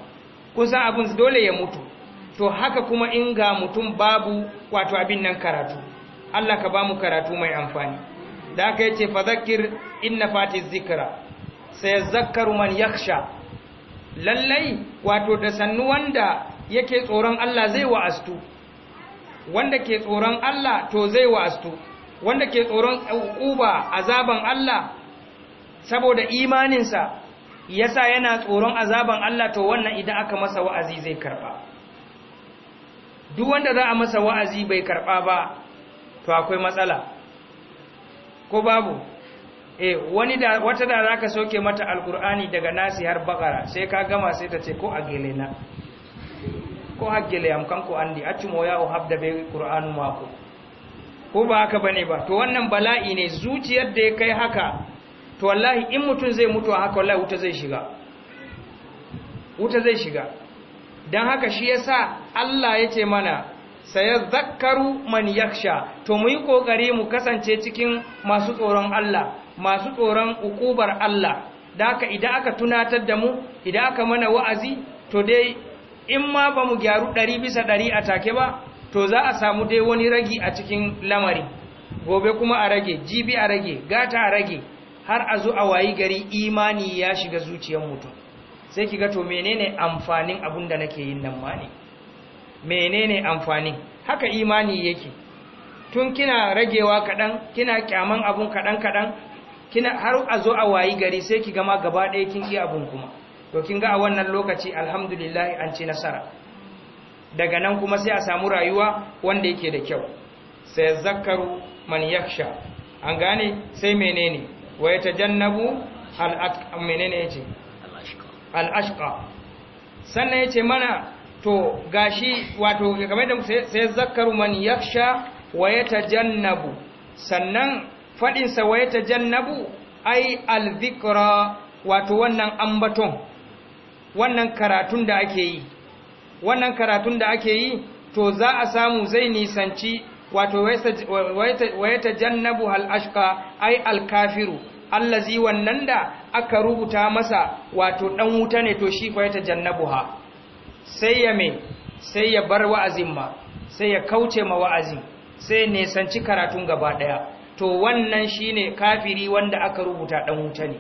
kusa abin dole ya mutu to haka kuma in ga mutum babu wato abin nan karatu Allah ka ba mu karatu mai amfani da haka yace fadhakkir inna fati zikra zakkaru man yakhsha lallai wato da sannu wanda yake tsoron Allah zai wa'astu wanda ke tsoron Allah to zai wa'astu wanda ke tsoron uba azaban Allah saboda imaninsa yasa yana tsoron azaban Allah to wannan idan aka masa wa'azi zai karba duk wanda za a masa wa'azi bai karɓa ba to akwai matsala ko babu eh wani da wata da ka soke mata alkur'ani daga nasi har bakara sai ka gama sai ta ce ko a gele na ko a gele am kan ko andi cimo ya o habda be qur'anu mako ko ba haka bane ba to wannan bala'i ne zuciyar da ya kai haka to wallahi in mutum zai mutu haka wallahi wuta zai shiga wuta zai shiga don haka shi yasa Allah ya ce mana saya zakaru man yaksha to mu yi kokari mu kasance cikin masu tsoron Allah masu tsoron ukubar Allah da haka idan aka tunatar da mu idan aka mana wa'azi to dai in ma ba mu gyaru ɗari bisa ɗari a take ba to za a samu dai wani ragi a cikin lamari gobe kuma a rage jibi a rage gata a rage har a zo a wayi gari imani ya shiga zuciyar mutum sai ki ga to menene amfanin abun da nake yin nan ma ne menene amfanin haka imani yake tun kina ragewa kaɗan kina kyaman abun kaɗan kaɗan kina har a zo a wayi gari sai ki gama gaba ɗaya kin yi abun kuma to kin ga a wannan lokaci alhamdulillah an ci nasara daga nan kuma sai a samu rayuwa wanda yake da kyau sai zakaru man yaksha an gane sai menene wa yatajannabu al menene yace Al'ashka sannan ya ce mana to gashi wato game da sai zakaru man yaksha wa ya jannabu sannan faɗinsa wa ya jannabu ai alzikra wato wannan ambaton wannan karatun da ake yi wannan karatun da ake yi to za a samu zai nisanci wato wa ya ta jannabu al’ashka ai alkafiru Allah allazi wannan da aka rubuta masa wato ɗan wuta ne to shi fa ya tajannabuha sai ya me sai ya bar wa'azin ma sai ya kauce ma wa'azin sai ya karatun gaba ɗaya to wannan shine kafiri wanda aka rubuta dan wuta ne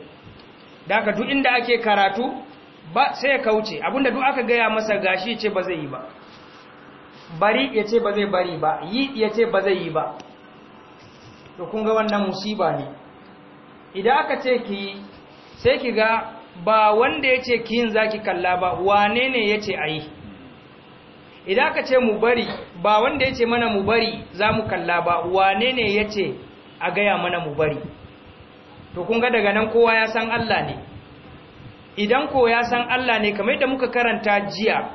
ka duk inda ake karatu ba sai ya kauce abinda duk aka gaya masa gashi ce ba zai yi ba bari ya ce ba zai bari ba yi ya ce ba zai yi ba to kun ga wannan musiba ne idan aka ce ki sai ki ga ba wanda ya ce kiyin za ki kalla ba wane ne ya ce a yi idan aka ce mu bari ba wanda ya ce mana mu bari za mu kalla ba wane ne ya ce a gaya mana mu bari to kun ga daga nan kowa ya san Allah ne idan ko ya san Allah ne kamar yadda muka karanta jiya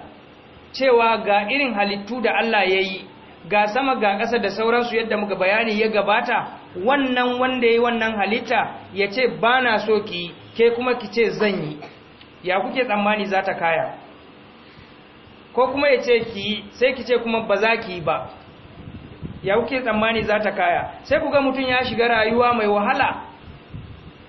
cewa ga irin halittu da Allah ya yi ga sama ga ƙasa da sauransu yadda muka bayani ya gabata wannan wanda ya yi wannan halitta ya ce ba na so ki ke kuma ki ce zan yi ya kuke tsammani za ta kaya ko kuma ya ce ki sai ki ce kuma ba za ki yi ba ya kuke tsammani za ta kaya sai ku ga mutum ya shiga rayuwa mai wahala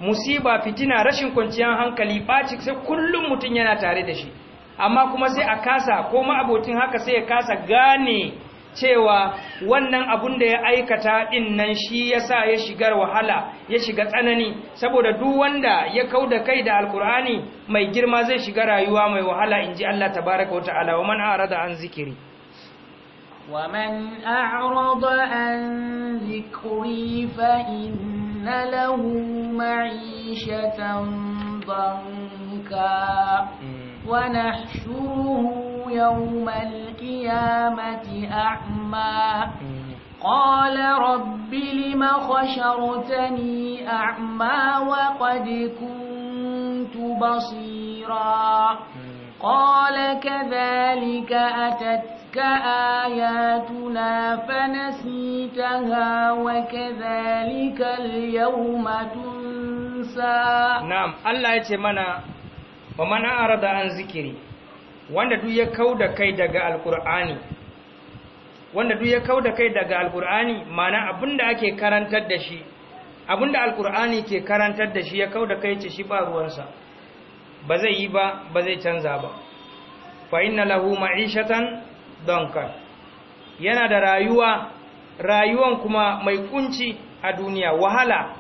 musiba fitina rashin kwanciyar hankali ɓaci sai kullum mutum yana tare da shi amma kuma sai a kasa ko ma haka sai ya kasa gane cewa wannan abun da ya aikata ɗin nan shi sa ya shiga wahala ya shiga tsanani saboda duk wanda ya kau da kai da alkur'ani mai girma zai shiga rayuwa mai wahala In ji Allah ta wa ta'ala wa man arada an zikiri ونحشره يوم القيامة أعمى قال رب لم خشرتني أعمى وقد كنت بصيرا قال كذلك أتتك آياتنا فنسيتها وكذلك اليوم تنسى نعم الله يتمنى ومن أرد عن ذكري wanda duk ya da kai daga alkur'ani wanda duk ya da kai daga alkur'ani mana abinda ake karantar da shi abinda alkur'ani ke karantar da shi ya kau da kai ce shi ba ruwansa ba zai yi ba ba zai canza ba fa inna lahu ma'ishatan donka yana da rayuwa rayuwan kuma mai kunci a duniya wahala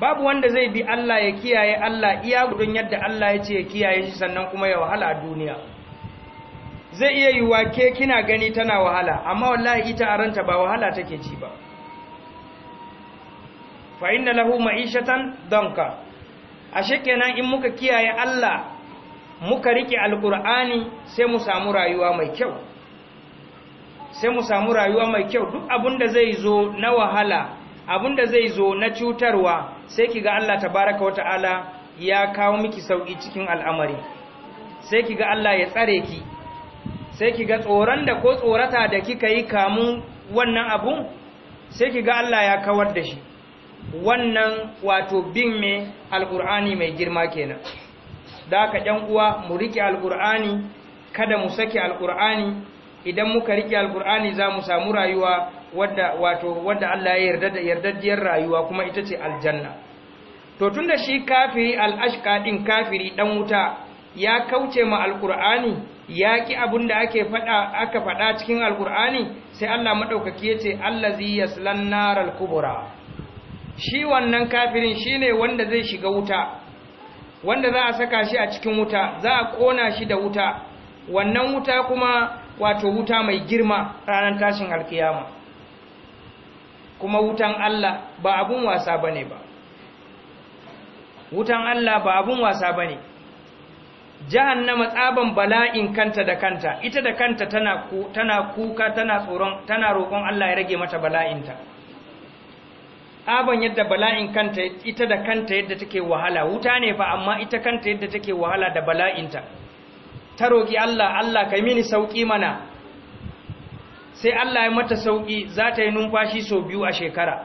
babu wanda zai bi Allah ya kiyaye Allah iya gudun yadda Allah ya ce ya kiyaye shi sannan kuma ya wahala a duniya zai iya yiwuwa ke kina gani tana wahala amma wallahi ita a ranta ba wahala take ci ba fa inna lahu ma'ishatan danka ashe kenan in muka kiyaye Allah muka rike alqur'ani sai mu samu rayuwa mai kyau sai mu samu rayuwa mai kyau duk abinda zai zo na wahala da zai zo na cutarwa sai kiga Allah tabaraka wata'ala ya kawo miki sauki cikin al'amari sai kiga Allah ya tsare ki sai kiga tsoron da ko tsorata da kika yi kamu wannan abu sai kiga Allah ya kawar da shi wannan wato bin me alqur'ani mai girma kenan da ka ɗan uwa mu rike alqur'ani kada mu saki alqur'ani idan muka rike alqur'ani za mu samu rayuwa wadda wato wadda Allah ya yarda da yardajiyar rayuwa kuma ita ce aljanna to tunda shi kafiri al-ashqa din kafiri dan wuta ya kauce ma alqur'ani ya ki abin ake fada aka fada cikin alqur'ani sai Allah madaukaki yace allazi yaslan naral kubra shi wannan kafirin shine wanda zai shiga wuta wanda za a saka shi a cikin wuta za a kona shi da wuta wannan wuta kuma wato wuta mai girma ranar tashin alkiyama kuma wutan Allah ba abun wasa bane ba wutan Allah ba abun wasa bane jahannama tsaban bala'in kanta da kanta ita da kanta tana kuka tana tsoron tana roƙon Allah ya rage mata bala'inta tsaban yadda bala'in kanta ita da kanta yadda take wahala wuta ne fa amma ita kanta yadda take wahala da bala'inta ta roƙi Allah Allah ka mini sauki mana sai Allah ya mata sauƙi za ta yi numfashi sau biyu a shekara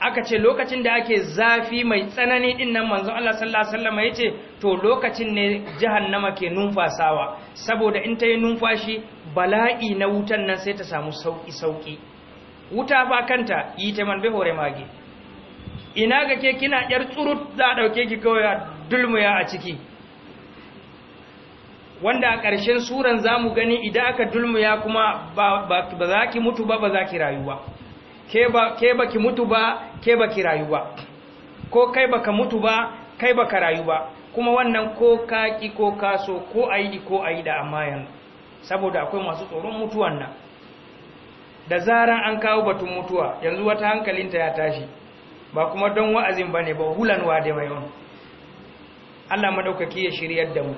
aka ce lokacin da ake zafi mai tsanani din nan manzo Allah sallallahu alaihi wasallam ya ce to lokacin ne nama ke numfasawa saboda in ta yi numfashi bala'i na wutan nan sai ta samu sauki sauki wuta fa kanta yi ta man bai hore mage ina ga ke kina yar tsurut za a ɗauke ki kawai dulmuya a ciki wanda a ƙarshen suran za mu gani idan aka dulmuya kuma ba za ki mutu ba ba za ki rayu ba ke ba ki mutu ba ke ba ki rayu ba ko kai ba ka mutu ba kai ba ka rayu ba kuma wannan ko ka ki ko ka so ko yi ko da amma yanzu saboda akwai masu tsoron mutuwan nan da zaran an kawo batun mutuwa yanzu wata hankalinta ya tashi ba kuma don wa'azin ba ne ba hulanwa da mai wani Allah maɗaukaki ya shiryar da mu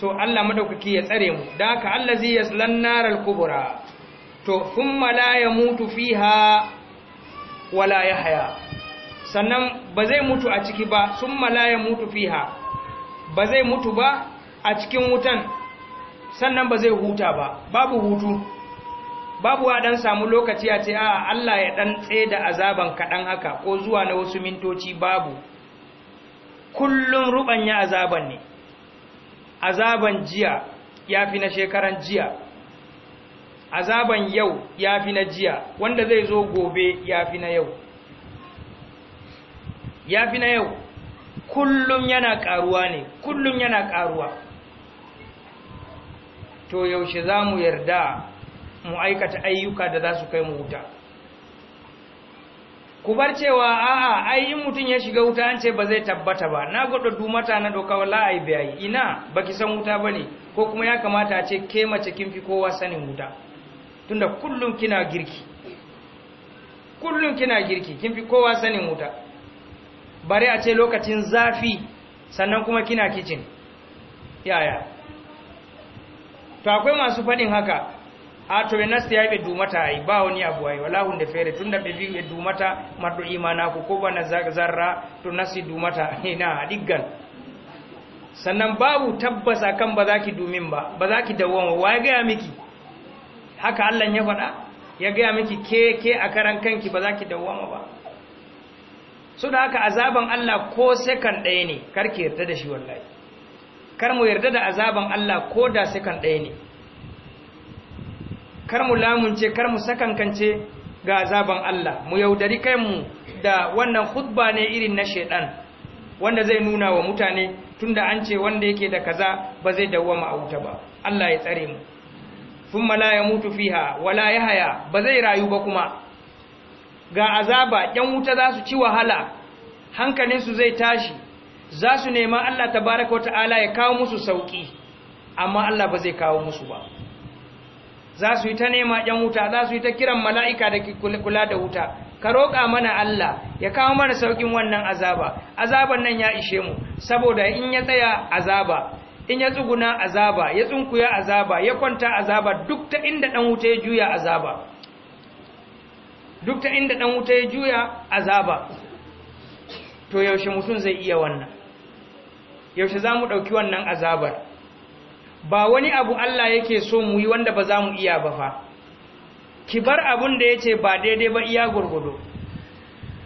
so Allah madaukaki ya tsare mu da haka allazi yaslan naral kubra to thumma la yamutu fiha wala yahya sannan ba zai mutu a ciki ba thumma la yamutu fiha ba zai mutu ba a cikin wutan sannan ba zai huta ba babu hutu babu wa dan samu lokaci a ce a Allah ya dan tsaye da azaban kadan haka ko zuwa na wasu mintoci babu kullun rubanya azaban ne azaban jiya ya fi na shekaran jiya azaban yau ya fi na jiya wanda zai zo gobe ya fi na yau ya fi na yau kullum yana karuwa ne kullum yana karuwa to yaushe za mu yarda mu aikata ayyuka da za su kai mu wuta ku bar cewa a'a ai in mutum ya shiga wuta an ce ba zai tabbata ba na gwada du mata na doka wallahi bai ina baki san wuta bane ko kuma ya kamata a ce ke mace kin fi kowa sanin wuta tunda kullum kina girki kullum kina girki kin fi kowa sanin wuta bare a ce lokacin zafi sannan kuma kina kitchen yaya to akwai masu faɗin haka a to be nasti ay ɓe dumata ai ba woni abu ai wala hunde feere tunda ɓe wi ɓe dumata marɗo imanako ko bana zarra to nasti dumata <laughs> eh, na a ɗiggan sannan babu tabbas a kan ba za ki dumin ba ba za ki dawwama wa ya gaya miki haka allah ya faɗa ya gaya miki ke ke a karan kanki ba za ki dawwama ba su da haka azaban allah ko sekan ɗaya ne kar ki yarda da shi wallahi kar mu yarda da azaban allah ko da sekan ɗaya ne kar mu lamunce kar mu sakankance ga azaban Allah mu yaudari kanmu da wannan khutba ne irin na shedan wanda zai nuna wa mutane tunda an ce wanda yake da kaza ba zai dawwama a wuta ba Allah ya tsare mu thumma la yamutu fiha wala yahya ba zai rayu ba kuma ga azaba yan wuta za su ci wahala hankalin su zai tashi za su nema Allah tabaraka wa ta'ala ya kawo musu sauki amma Allah ba zai kawo musu ba za su yi ta nema ɗan wuta za su yi ta kiran mala'ika da kula da wuta ka roƙa mana Allah ya kawo mana sauƙin wannan azaba azaban nan ya ishe mu saboda in ya tsaya azaba in ya tsuguna azaba ya tsunkuya azaba ya kwanta azaba duk ta inda ɗan wuta ya juya azaba duk ta inda ɗan wuta ya juya azaba to yaushe mutum zai iya wannan yaushe za mu ɗauki wannan azabar ba wani abu Allah yake so mu yi wanda ba za mu iya ba fa ki bar abun da yace ba daidai ba iya gurgudo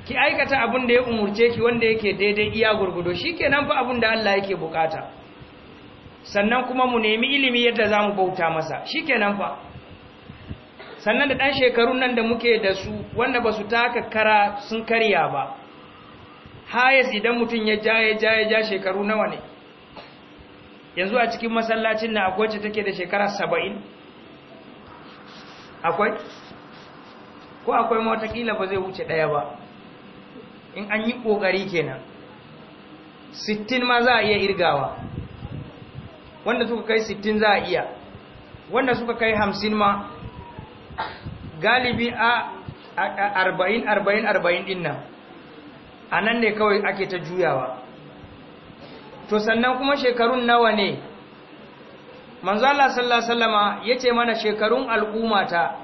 ki aikata abun da ya umurce ki wanda yake daidai iya gurgudo shikenan fa abun da Allah yake bukata sannan kuma mu nemi ilimi yadda za mu bauta masa shikenan fa sannan da ɗan shekaru nan da muke da su wanda ba su taka kara sun karya ba hayes idan mutum ya jaye jaye ja shekaru nawa ne yanzu a cikin masallacin na akwai ce take da shekara saba'in akwai ko akwai mawatakila ba zai wuce ɗaya ba in an yi ƙoƙari kenan sittin ma za a iya irgawa wanda suka kai sittin za a iya wanda suka kai hamsin ma galibi a arba'in arba'in arba'in dinnan a nan ne kawai ake ta juyawa to sannan kuma shekarun nawa ne manzo Allah sallallahu alaihi wasallama yace mana shekarun al'umma ta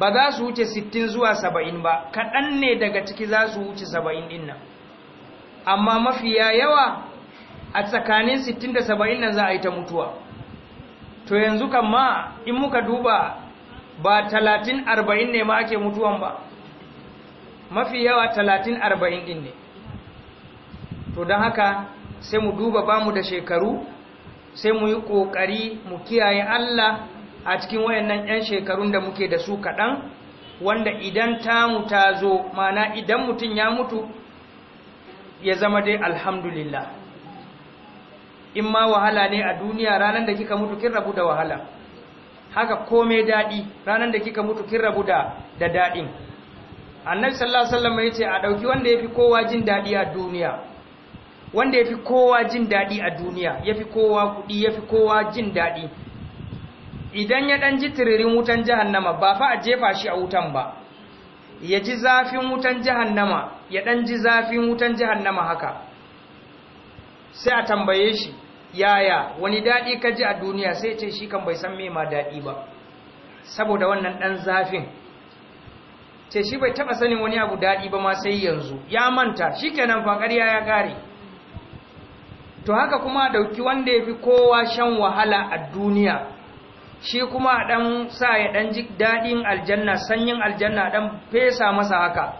ba za su wuce 60 zuwa 70 ba kadan ne daga ciki za su wuce 70 din nan amma mafiya yawa a tsakanin 60 da 70 nan za a yi ta mutuwa to yanzu kan ma in muka duba ba 30 40 ne ma ake mutuwan ba mafi yawa 30 40 din ne to don haka sai mu duba ba mu da shekaru sai mu yi kokari mu kiyaye Allah a cikin wayannan yan shekarun da muke da su kaɗan wanda idan tamu ta zo mana idan mutum ya mutu ya zama dai alhamdulillah in ma wahala ne a duniya ranar da kika mutu kin rabu da wahala haka komai daɗi ranar da kika mutu kin rabu da da daɗin annabi sallallahu alaihi wasallam ya ce a ɗauki wanda ya fi kowa jin daɗi a duniya wanda yafi kowa jin daɗi a duniya yafi kowa kuɗi yafi kowa jin daɗi idan ya ɗan ji tiririn wutan jahannama ba fa a jefa shi a wutan ba ya ji zafin wutan jahannama ya ɗan ji zafin wutan jahannama haka sai a tambaye shi yaya wani daɗi ka ji a duniya sai ce shi kan bai san me ma daɗi ba saboda wannan ɗan zafin ce shi bai taɓa sanin wani abu daɗi ba ma sai yanzu ya manta shi kenan fa ƙarya ya ƙare to haka kuma dauki wanda ya fi kowa shan wahala a duniya shi kuma dan sa ya dan ji daɗin aljanna sanyin aljanna dan fesa masa haka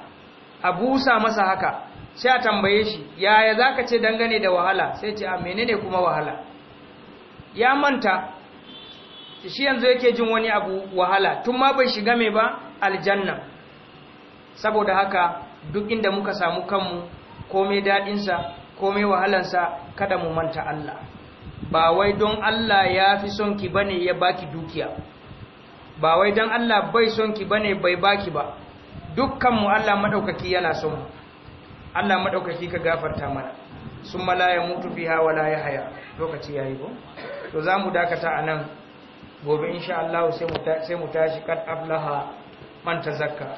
a busa masa haka sai a tambaye shi yaya zaka ce dangane da wahala sai ce a menene kuma wahala ya manta shi yanzu yake jin wani abu wahala tun ma bai shiga mai ba aljanna saboda haka duk inda muka samu kanmu komai daɗinsa komai wahalansa kada mu manta Allah ba wai don Allah ya fi son ki bane ya baki dukiya ba wai don Allah bai son ki bane bai baki ba dukkan mu Allah madaukaki yana son mu Allah madaukaki ka gafarta mana summa ya mutu fiha wala ya haya, lokaci yayi ko to zamu dakata a nan gobe insha Allah sai mu tashi kad aflaha man tazakka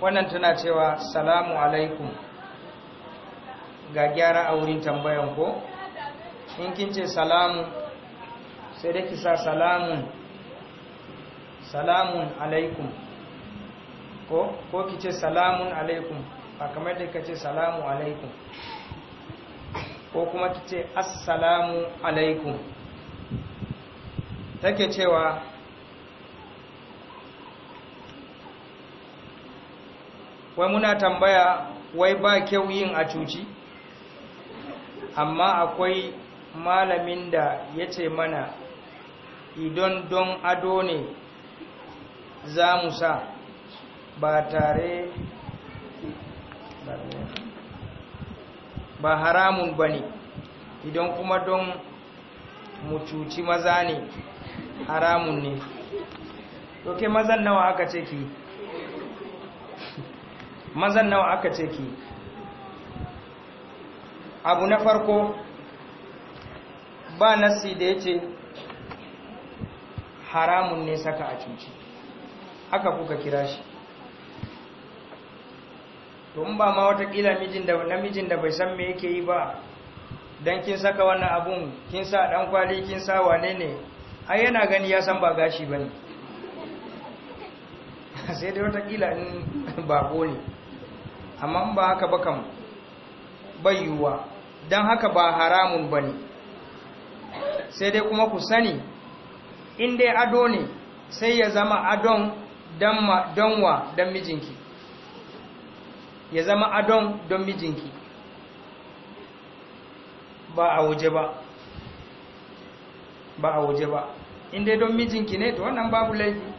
wannan tana cewa salamu alaikum ga gyara a wurin tambayan ko in kin ce salamu sai da ki sa salamun salamun alaikum ko ko ki ce salamun alaikum a kamar da kace salamu alaikum ko kuma ki assalamu alaikum take cewa wai muna tambaya wai ba kyau yin a cuci amma akwai malamin da ya ce mana idon don ado ne za mu sa ba tare ba haramun ba ne idan kuma don mu cuci maza ne haramun ne doke mazan nawa aka ce ki mazan nawa aka ce ki abu na farko ba nasi da ya ce haramun ne saka a cuci haka kuka kira shi to in ba ma watakila mijin da namijin da bai san me yake yi ba dan kin saka wannan abun kin sa dan kwali kin sa wane ne ai yana gani ya san ba gashi bane <laughs> sai dai watakila in ko <laughs> ne amma in ba haka ba kam bayuwa don haka ba haramun ba ne sai dai kuma ku sani in dai ado ne sai ya zama adon don wa don mijinki ya zama adon don mijinki ba a waje ba ba a waje ba inda don mijinki ne to wannan babu laifi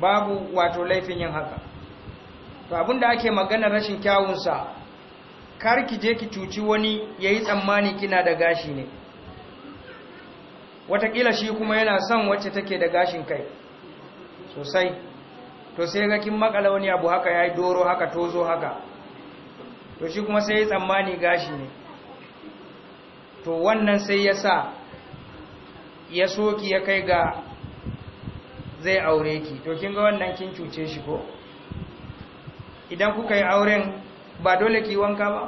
babu wato laifin yin haka to abinda ake magana rashin kyawunsa kar ki je ki cuci wani ya yi tsammani kina da gashi ne watakila shi kuma yana son wacce take da gashin kai sosai to sai ga kin makala wani abu haka yayi doro haka tozo haka to shi kuma sai ya tsammani gashi ne to wannan sai ya sa ya soki ya kai ga zai aure ki to kin ga wannan kin cuce shi ko idan kuka yi auren ba dole ki wanka ba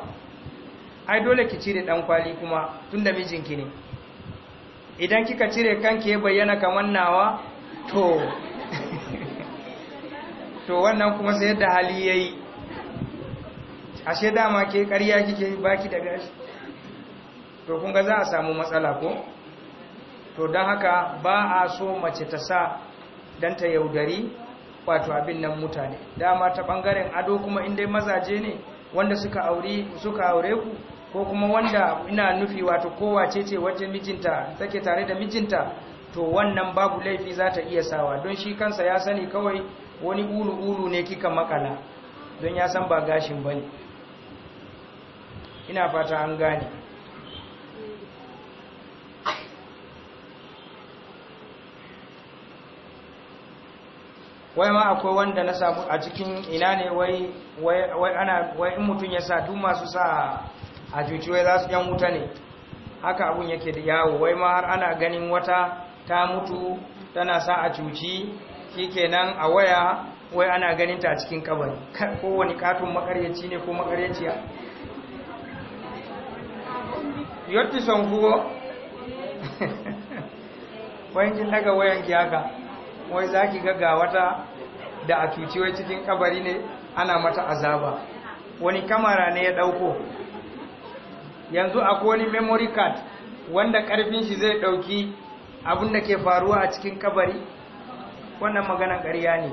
ai dole ki cire dan kwali kuma tunda mijinki ne idan kika cire kanki ya bayyana kamar nawa to to wannan kuma sai yadda hali ya yi ashe dama ke ƙarya kike baki da gashi to kunga za a samu matsala ko to don haka ba a so mace ta sa don ta yaudari wato abin nan mutane dama ta ɓangaren ado kuma inda mazaje ne wanda suka aure suka aure ku ko kuma wanda ina nufi wato kowace ce wajen mijinta take tare da mijinta to wannan babu laifi za ta iya sawa don shi kansa ya sani kawai wani ulu-ulu ne kika makala don ya san ba gashin ba ne ina fata an gane wai ma akwai wanda na samu a cikin ina ne wai in mutum ya sa duk masu sa a cuci wai za su yan wuta ne haka abun yake da yawo wai ma har ana ganin wata ta mutu tana sa a cuci shikenan a waya wai ana ganin ta a cikin kabari wani katon makaryaci ne ko makaryaciya yotti son kugo <laughs> wayan jin daga wayan ki haka wai zaki ga ga wata da a cuci wai cikin kabari ne ana mata azaba wani kamara ne ya dauko yanzu akwai wani memory card wanda karfin shi zai dauki abin da ke faruwa a cikin kabari wannan maganan ƙarya ne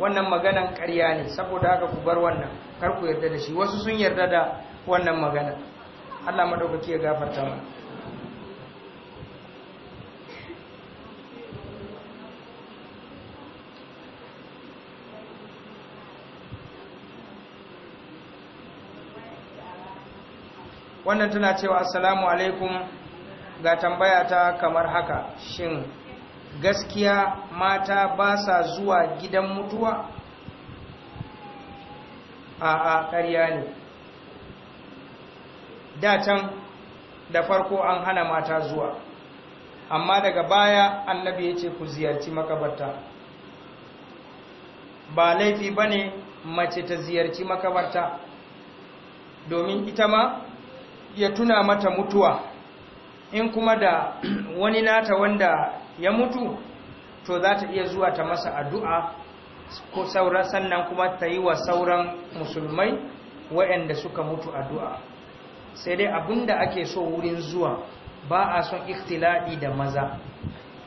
wannan maganan ƙarya ne saboda haka ku bar wannan kar ku yarda da shi wasu sun yarda da wannan magana Allah madaukaki ya gafarta mu wannan tana cewa assalamu alaikum ga tambaya ta kamar haka shin gaskiya mata ba sa zuwa gidan mutuwa a a ƙarya ne datan da farko an hana mata zuwa amma daga baya annabi ya ce ku ziyarci makabarta ba laifi ba ne mace ta ziyarci makabarta domin ita ma ya tuna mata mutuwa in kuma da wani nata wanda ya mutu to za ta iya zuwa ta masa addu'a ko sauran sannan kuma ta yi wa sauran musulmai waɗanda suka mutu addu'a sai dai abinda da ake so wurin zuwa ba a son ikhtilaɗi da maza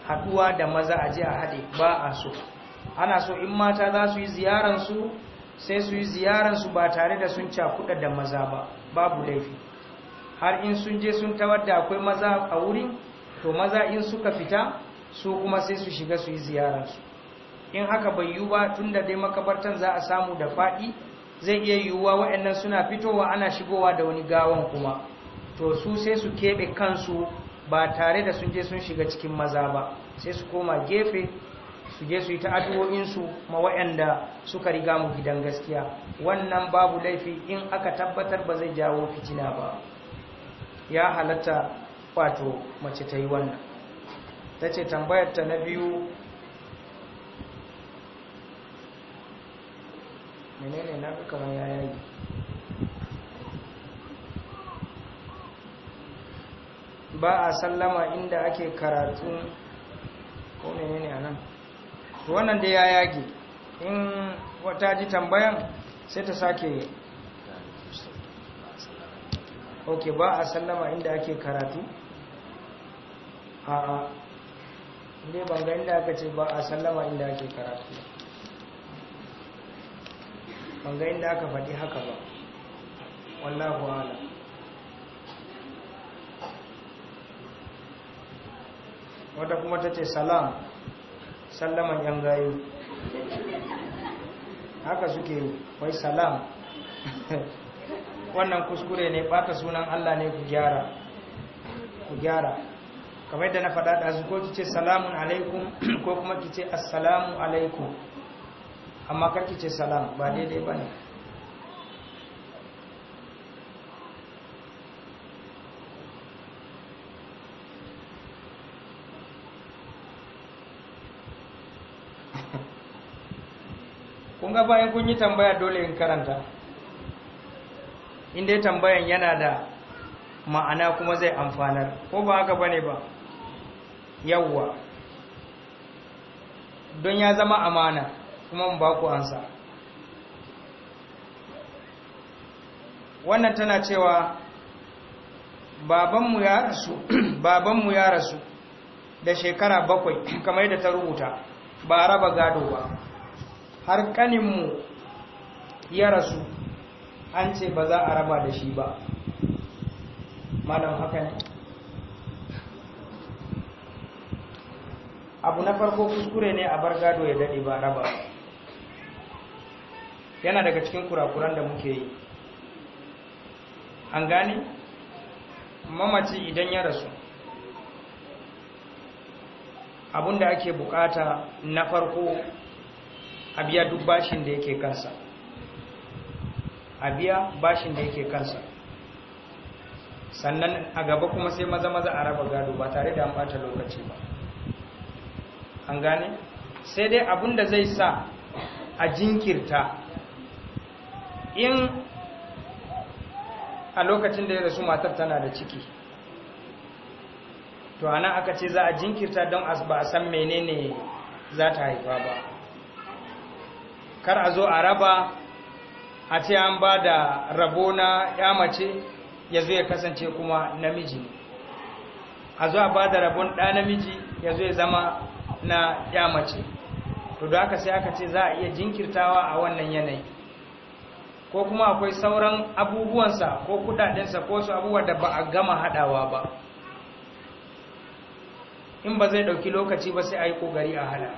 haɗuwa da maza a ji a haɗe ba a so ana so in mata za su yi ziyaransu sai su yi ziyaransu ba tare da sun cakuɗa da maza ba babu laifi har in sun je sun tawar akwai maza a wurin to maza in suka fita su kuma sai su shiga su yi ziyararsu in haka bai yiwu ba tun da dai makabartan za a samu da faɗi zai iya yiwuwa waɗannan suna fitowa ana shigowa da wani gawan kuma to su sai su keɓe kansu ba tare da sun je sun shiga cikin maza ba sai su koma gefe su je su yi ta addu'o'insu ma waɗanda suka riga mu gidan gaskiya wannan babu laifi in aka tabbatar ba zai jawo fitina ba ya halatta wato mace ta yi wannan ta ce tambayar ta na biyu menene na kamar ya yi ba a sallama inda ake karatu ko menene a nan wannan da ya yage in wata ji tambayan sai ta sake ok ba a sallama inda ake karatu a ne ban ga inda aka ce ba a sallama inda ake karatu ban ga inda aka faɗi haka ba wallahu ala wata kuma ta ce salam sallaman yan gayu haka suke wai salam <laughs> wannan kuskure ne ta sunan allah ne ku gyara ku gyara kamar yadda na faɗa da su ko ki ce salamun alaikum <clears throat> ko kuma ki ce assalamu alaikum amma kar ki ce salam ba daidai ba ne <laughs> kun ga bayan kun yi tambaya dole in karanta inda tambayan yana da ma'ana kuma zai amfanar ko ba haka bane ba yawwa don ya zama amana kuma mu ba ku ansa wannan tana cewa babanmu ya rasu <clears throat> babanmu ya rasu da shekara bakwai <clears throat> kamar yadda ta rubuta ba raba gado ba har kaninmu ya rasu an ce ba za a raba da shi ba malam haka ne abu na farko kuskure ne a bar gado ya daɗe ba raba yana daga cikin kurakuran da muke yi an gane mamaci idan ya rasu abinda ake bukata na farko a biya duk bashin da yake kansa a bashin da yake kansa sannan a gaba kuma sai maza maza a raba gado ba tare da an bata lokaci ba an gane sai dai abun da zai sa a jinkirta in a lokacin da ya rasu matar tana da ciki to ana aka ce za a jinkirta don ba a san menene za ta haifa ba kar a zo a raba a ce an ba da rabo na ya mace ya zo ya kasance kuma namiji a zo a ba da rabon ɗa namiji ya zo ya zama na yamace to da aka sai aka ce za a iya jinkirtawa a wannan yanayi ko kuma akwai sauran abubuwansa ko kudadensa ko su abubuwa da ba a gama hadawa ba in ba zai dauki lokaci ba sai a yi kogari a hada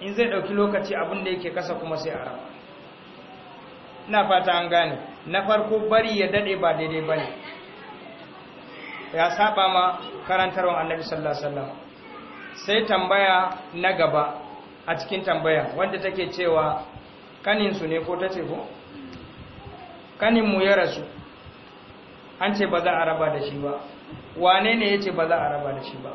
in zai dauki lokaci abinda da yake kasa kuma sai a raba ina fata an gane na farko bari ya dade ba daidai bane ya saba ma karantarwar annabi sallallahu alaihi wasallam sai tambaya na gaba a cikin tambaya wanda take cewa kaninsu ne ko ta ce ko kaninmu ya rasu an ce ba za a raba da shi ba wane ne ya ce ba za a raba da shi ba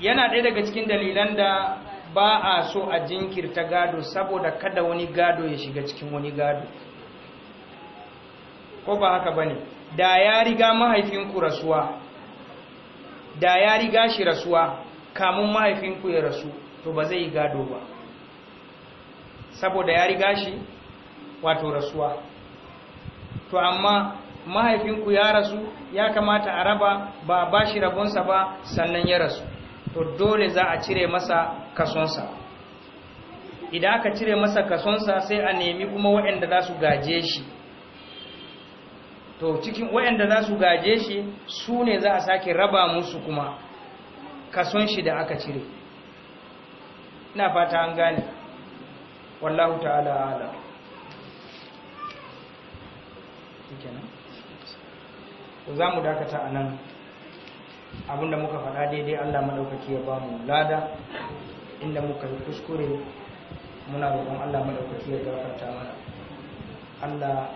yana ɗaya daga cikin dalilan da ba a so a jinkirta gado saboda kada wani gado ya shiga cikin wani gado ko ba haka ba ne da ya riga mahaifinku rasuwa da ya riga shi rasuwa kamun mahaifinku ya rasu to ba zai gado ba saboda ya riga shi wato rasuwa to amma mahaifinku ya rasu ya kamata a raba ba a ba shi rabonsa ba sannan ya rasu to dole za a cire masa kasonsa idan aka cire masa kasonsa sai a nemi kuma waɗanda za su gaje shi to cikin wayanda za su gaje shi su ne za a sake raba musu kuma kason shi da aka cire ina fata an gane wallahu ta'ala ala za mu dakata a nan abinda muka faɗa daidai allah maɗaukaki ya ba mu lada inda muka yi kuskure muna roƙon allah maɗaukaki ya gafarta mana allah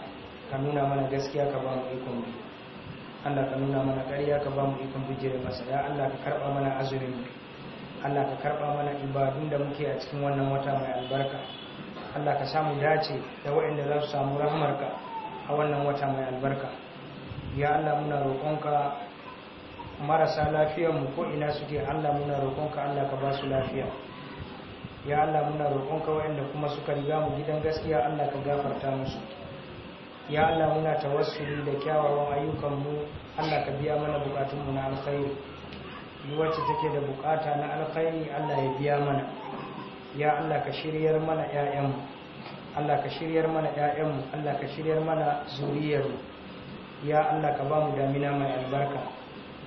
ka nuna mana gaskiya ka ba mu ikon bi Allah ka nuna mana ƙarya ka ba mu ikon bijire masa ya Allah ka karɓa mana azumin Allah ka karɓa mana ibadun da muke a cikin wannan wata mai albarka Allah ka samu dace da waɗanda za su samu rahamarka a wannan wata mai albarka ya Allah muna roƙonka marasa lafiyar mu ko ina suke Allah muna roƙonka Allah ka ba su lafiya ya Allah muna roƙonka waɗanda kuma suka riga mu gidan gaskiya Allah ka gafarta musu ya Allah muna tawassuli da kyawawan ayyukanmu Allah ka biya mana bukatunmu na alkhairi yi wacce take da bukata na alkhairi Allah ya biya mana ya Allah ka shiryar mana ƴaƴanmu Allah ka shiryar mana ƴaƴanmu Allah ka shiryar mana zuriyarmu ya Allah ka ba mu damina mai albarka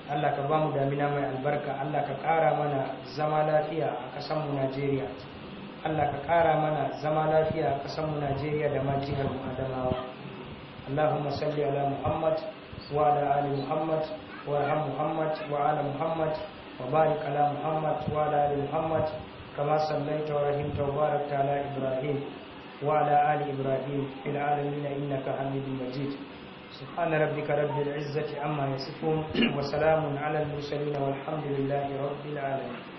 Allah ka ba mu damina mai albarka Allah ka ƙara mana zama lafiya a kasanmu Najeriya Allah ka ƙara mana zama lafiya a kasanmu Najeriya da ma jihar Adamawa اللهم صل على محمد وعلى آل محمد وارحم محمد وعلى محمد وبارك على محمد وعلى آل محمد كما صليت ورحمت وباركت على إبراهيم وعلى آل إبراهيم في العالمين إنك حميد مجيد سبحان ربك رب العزة عما يصفون وسلام على المرسلين والحمد لله رب العالمين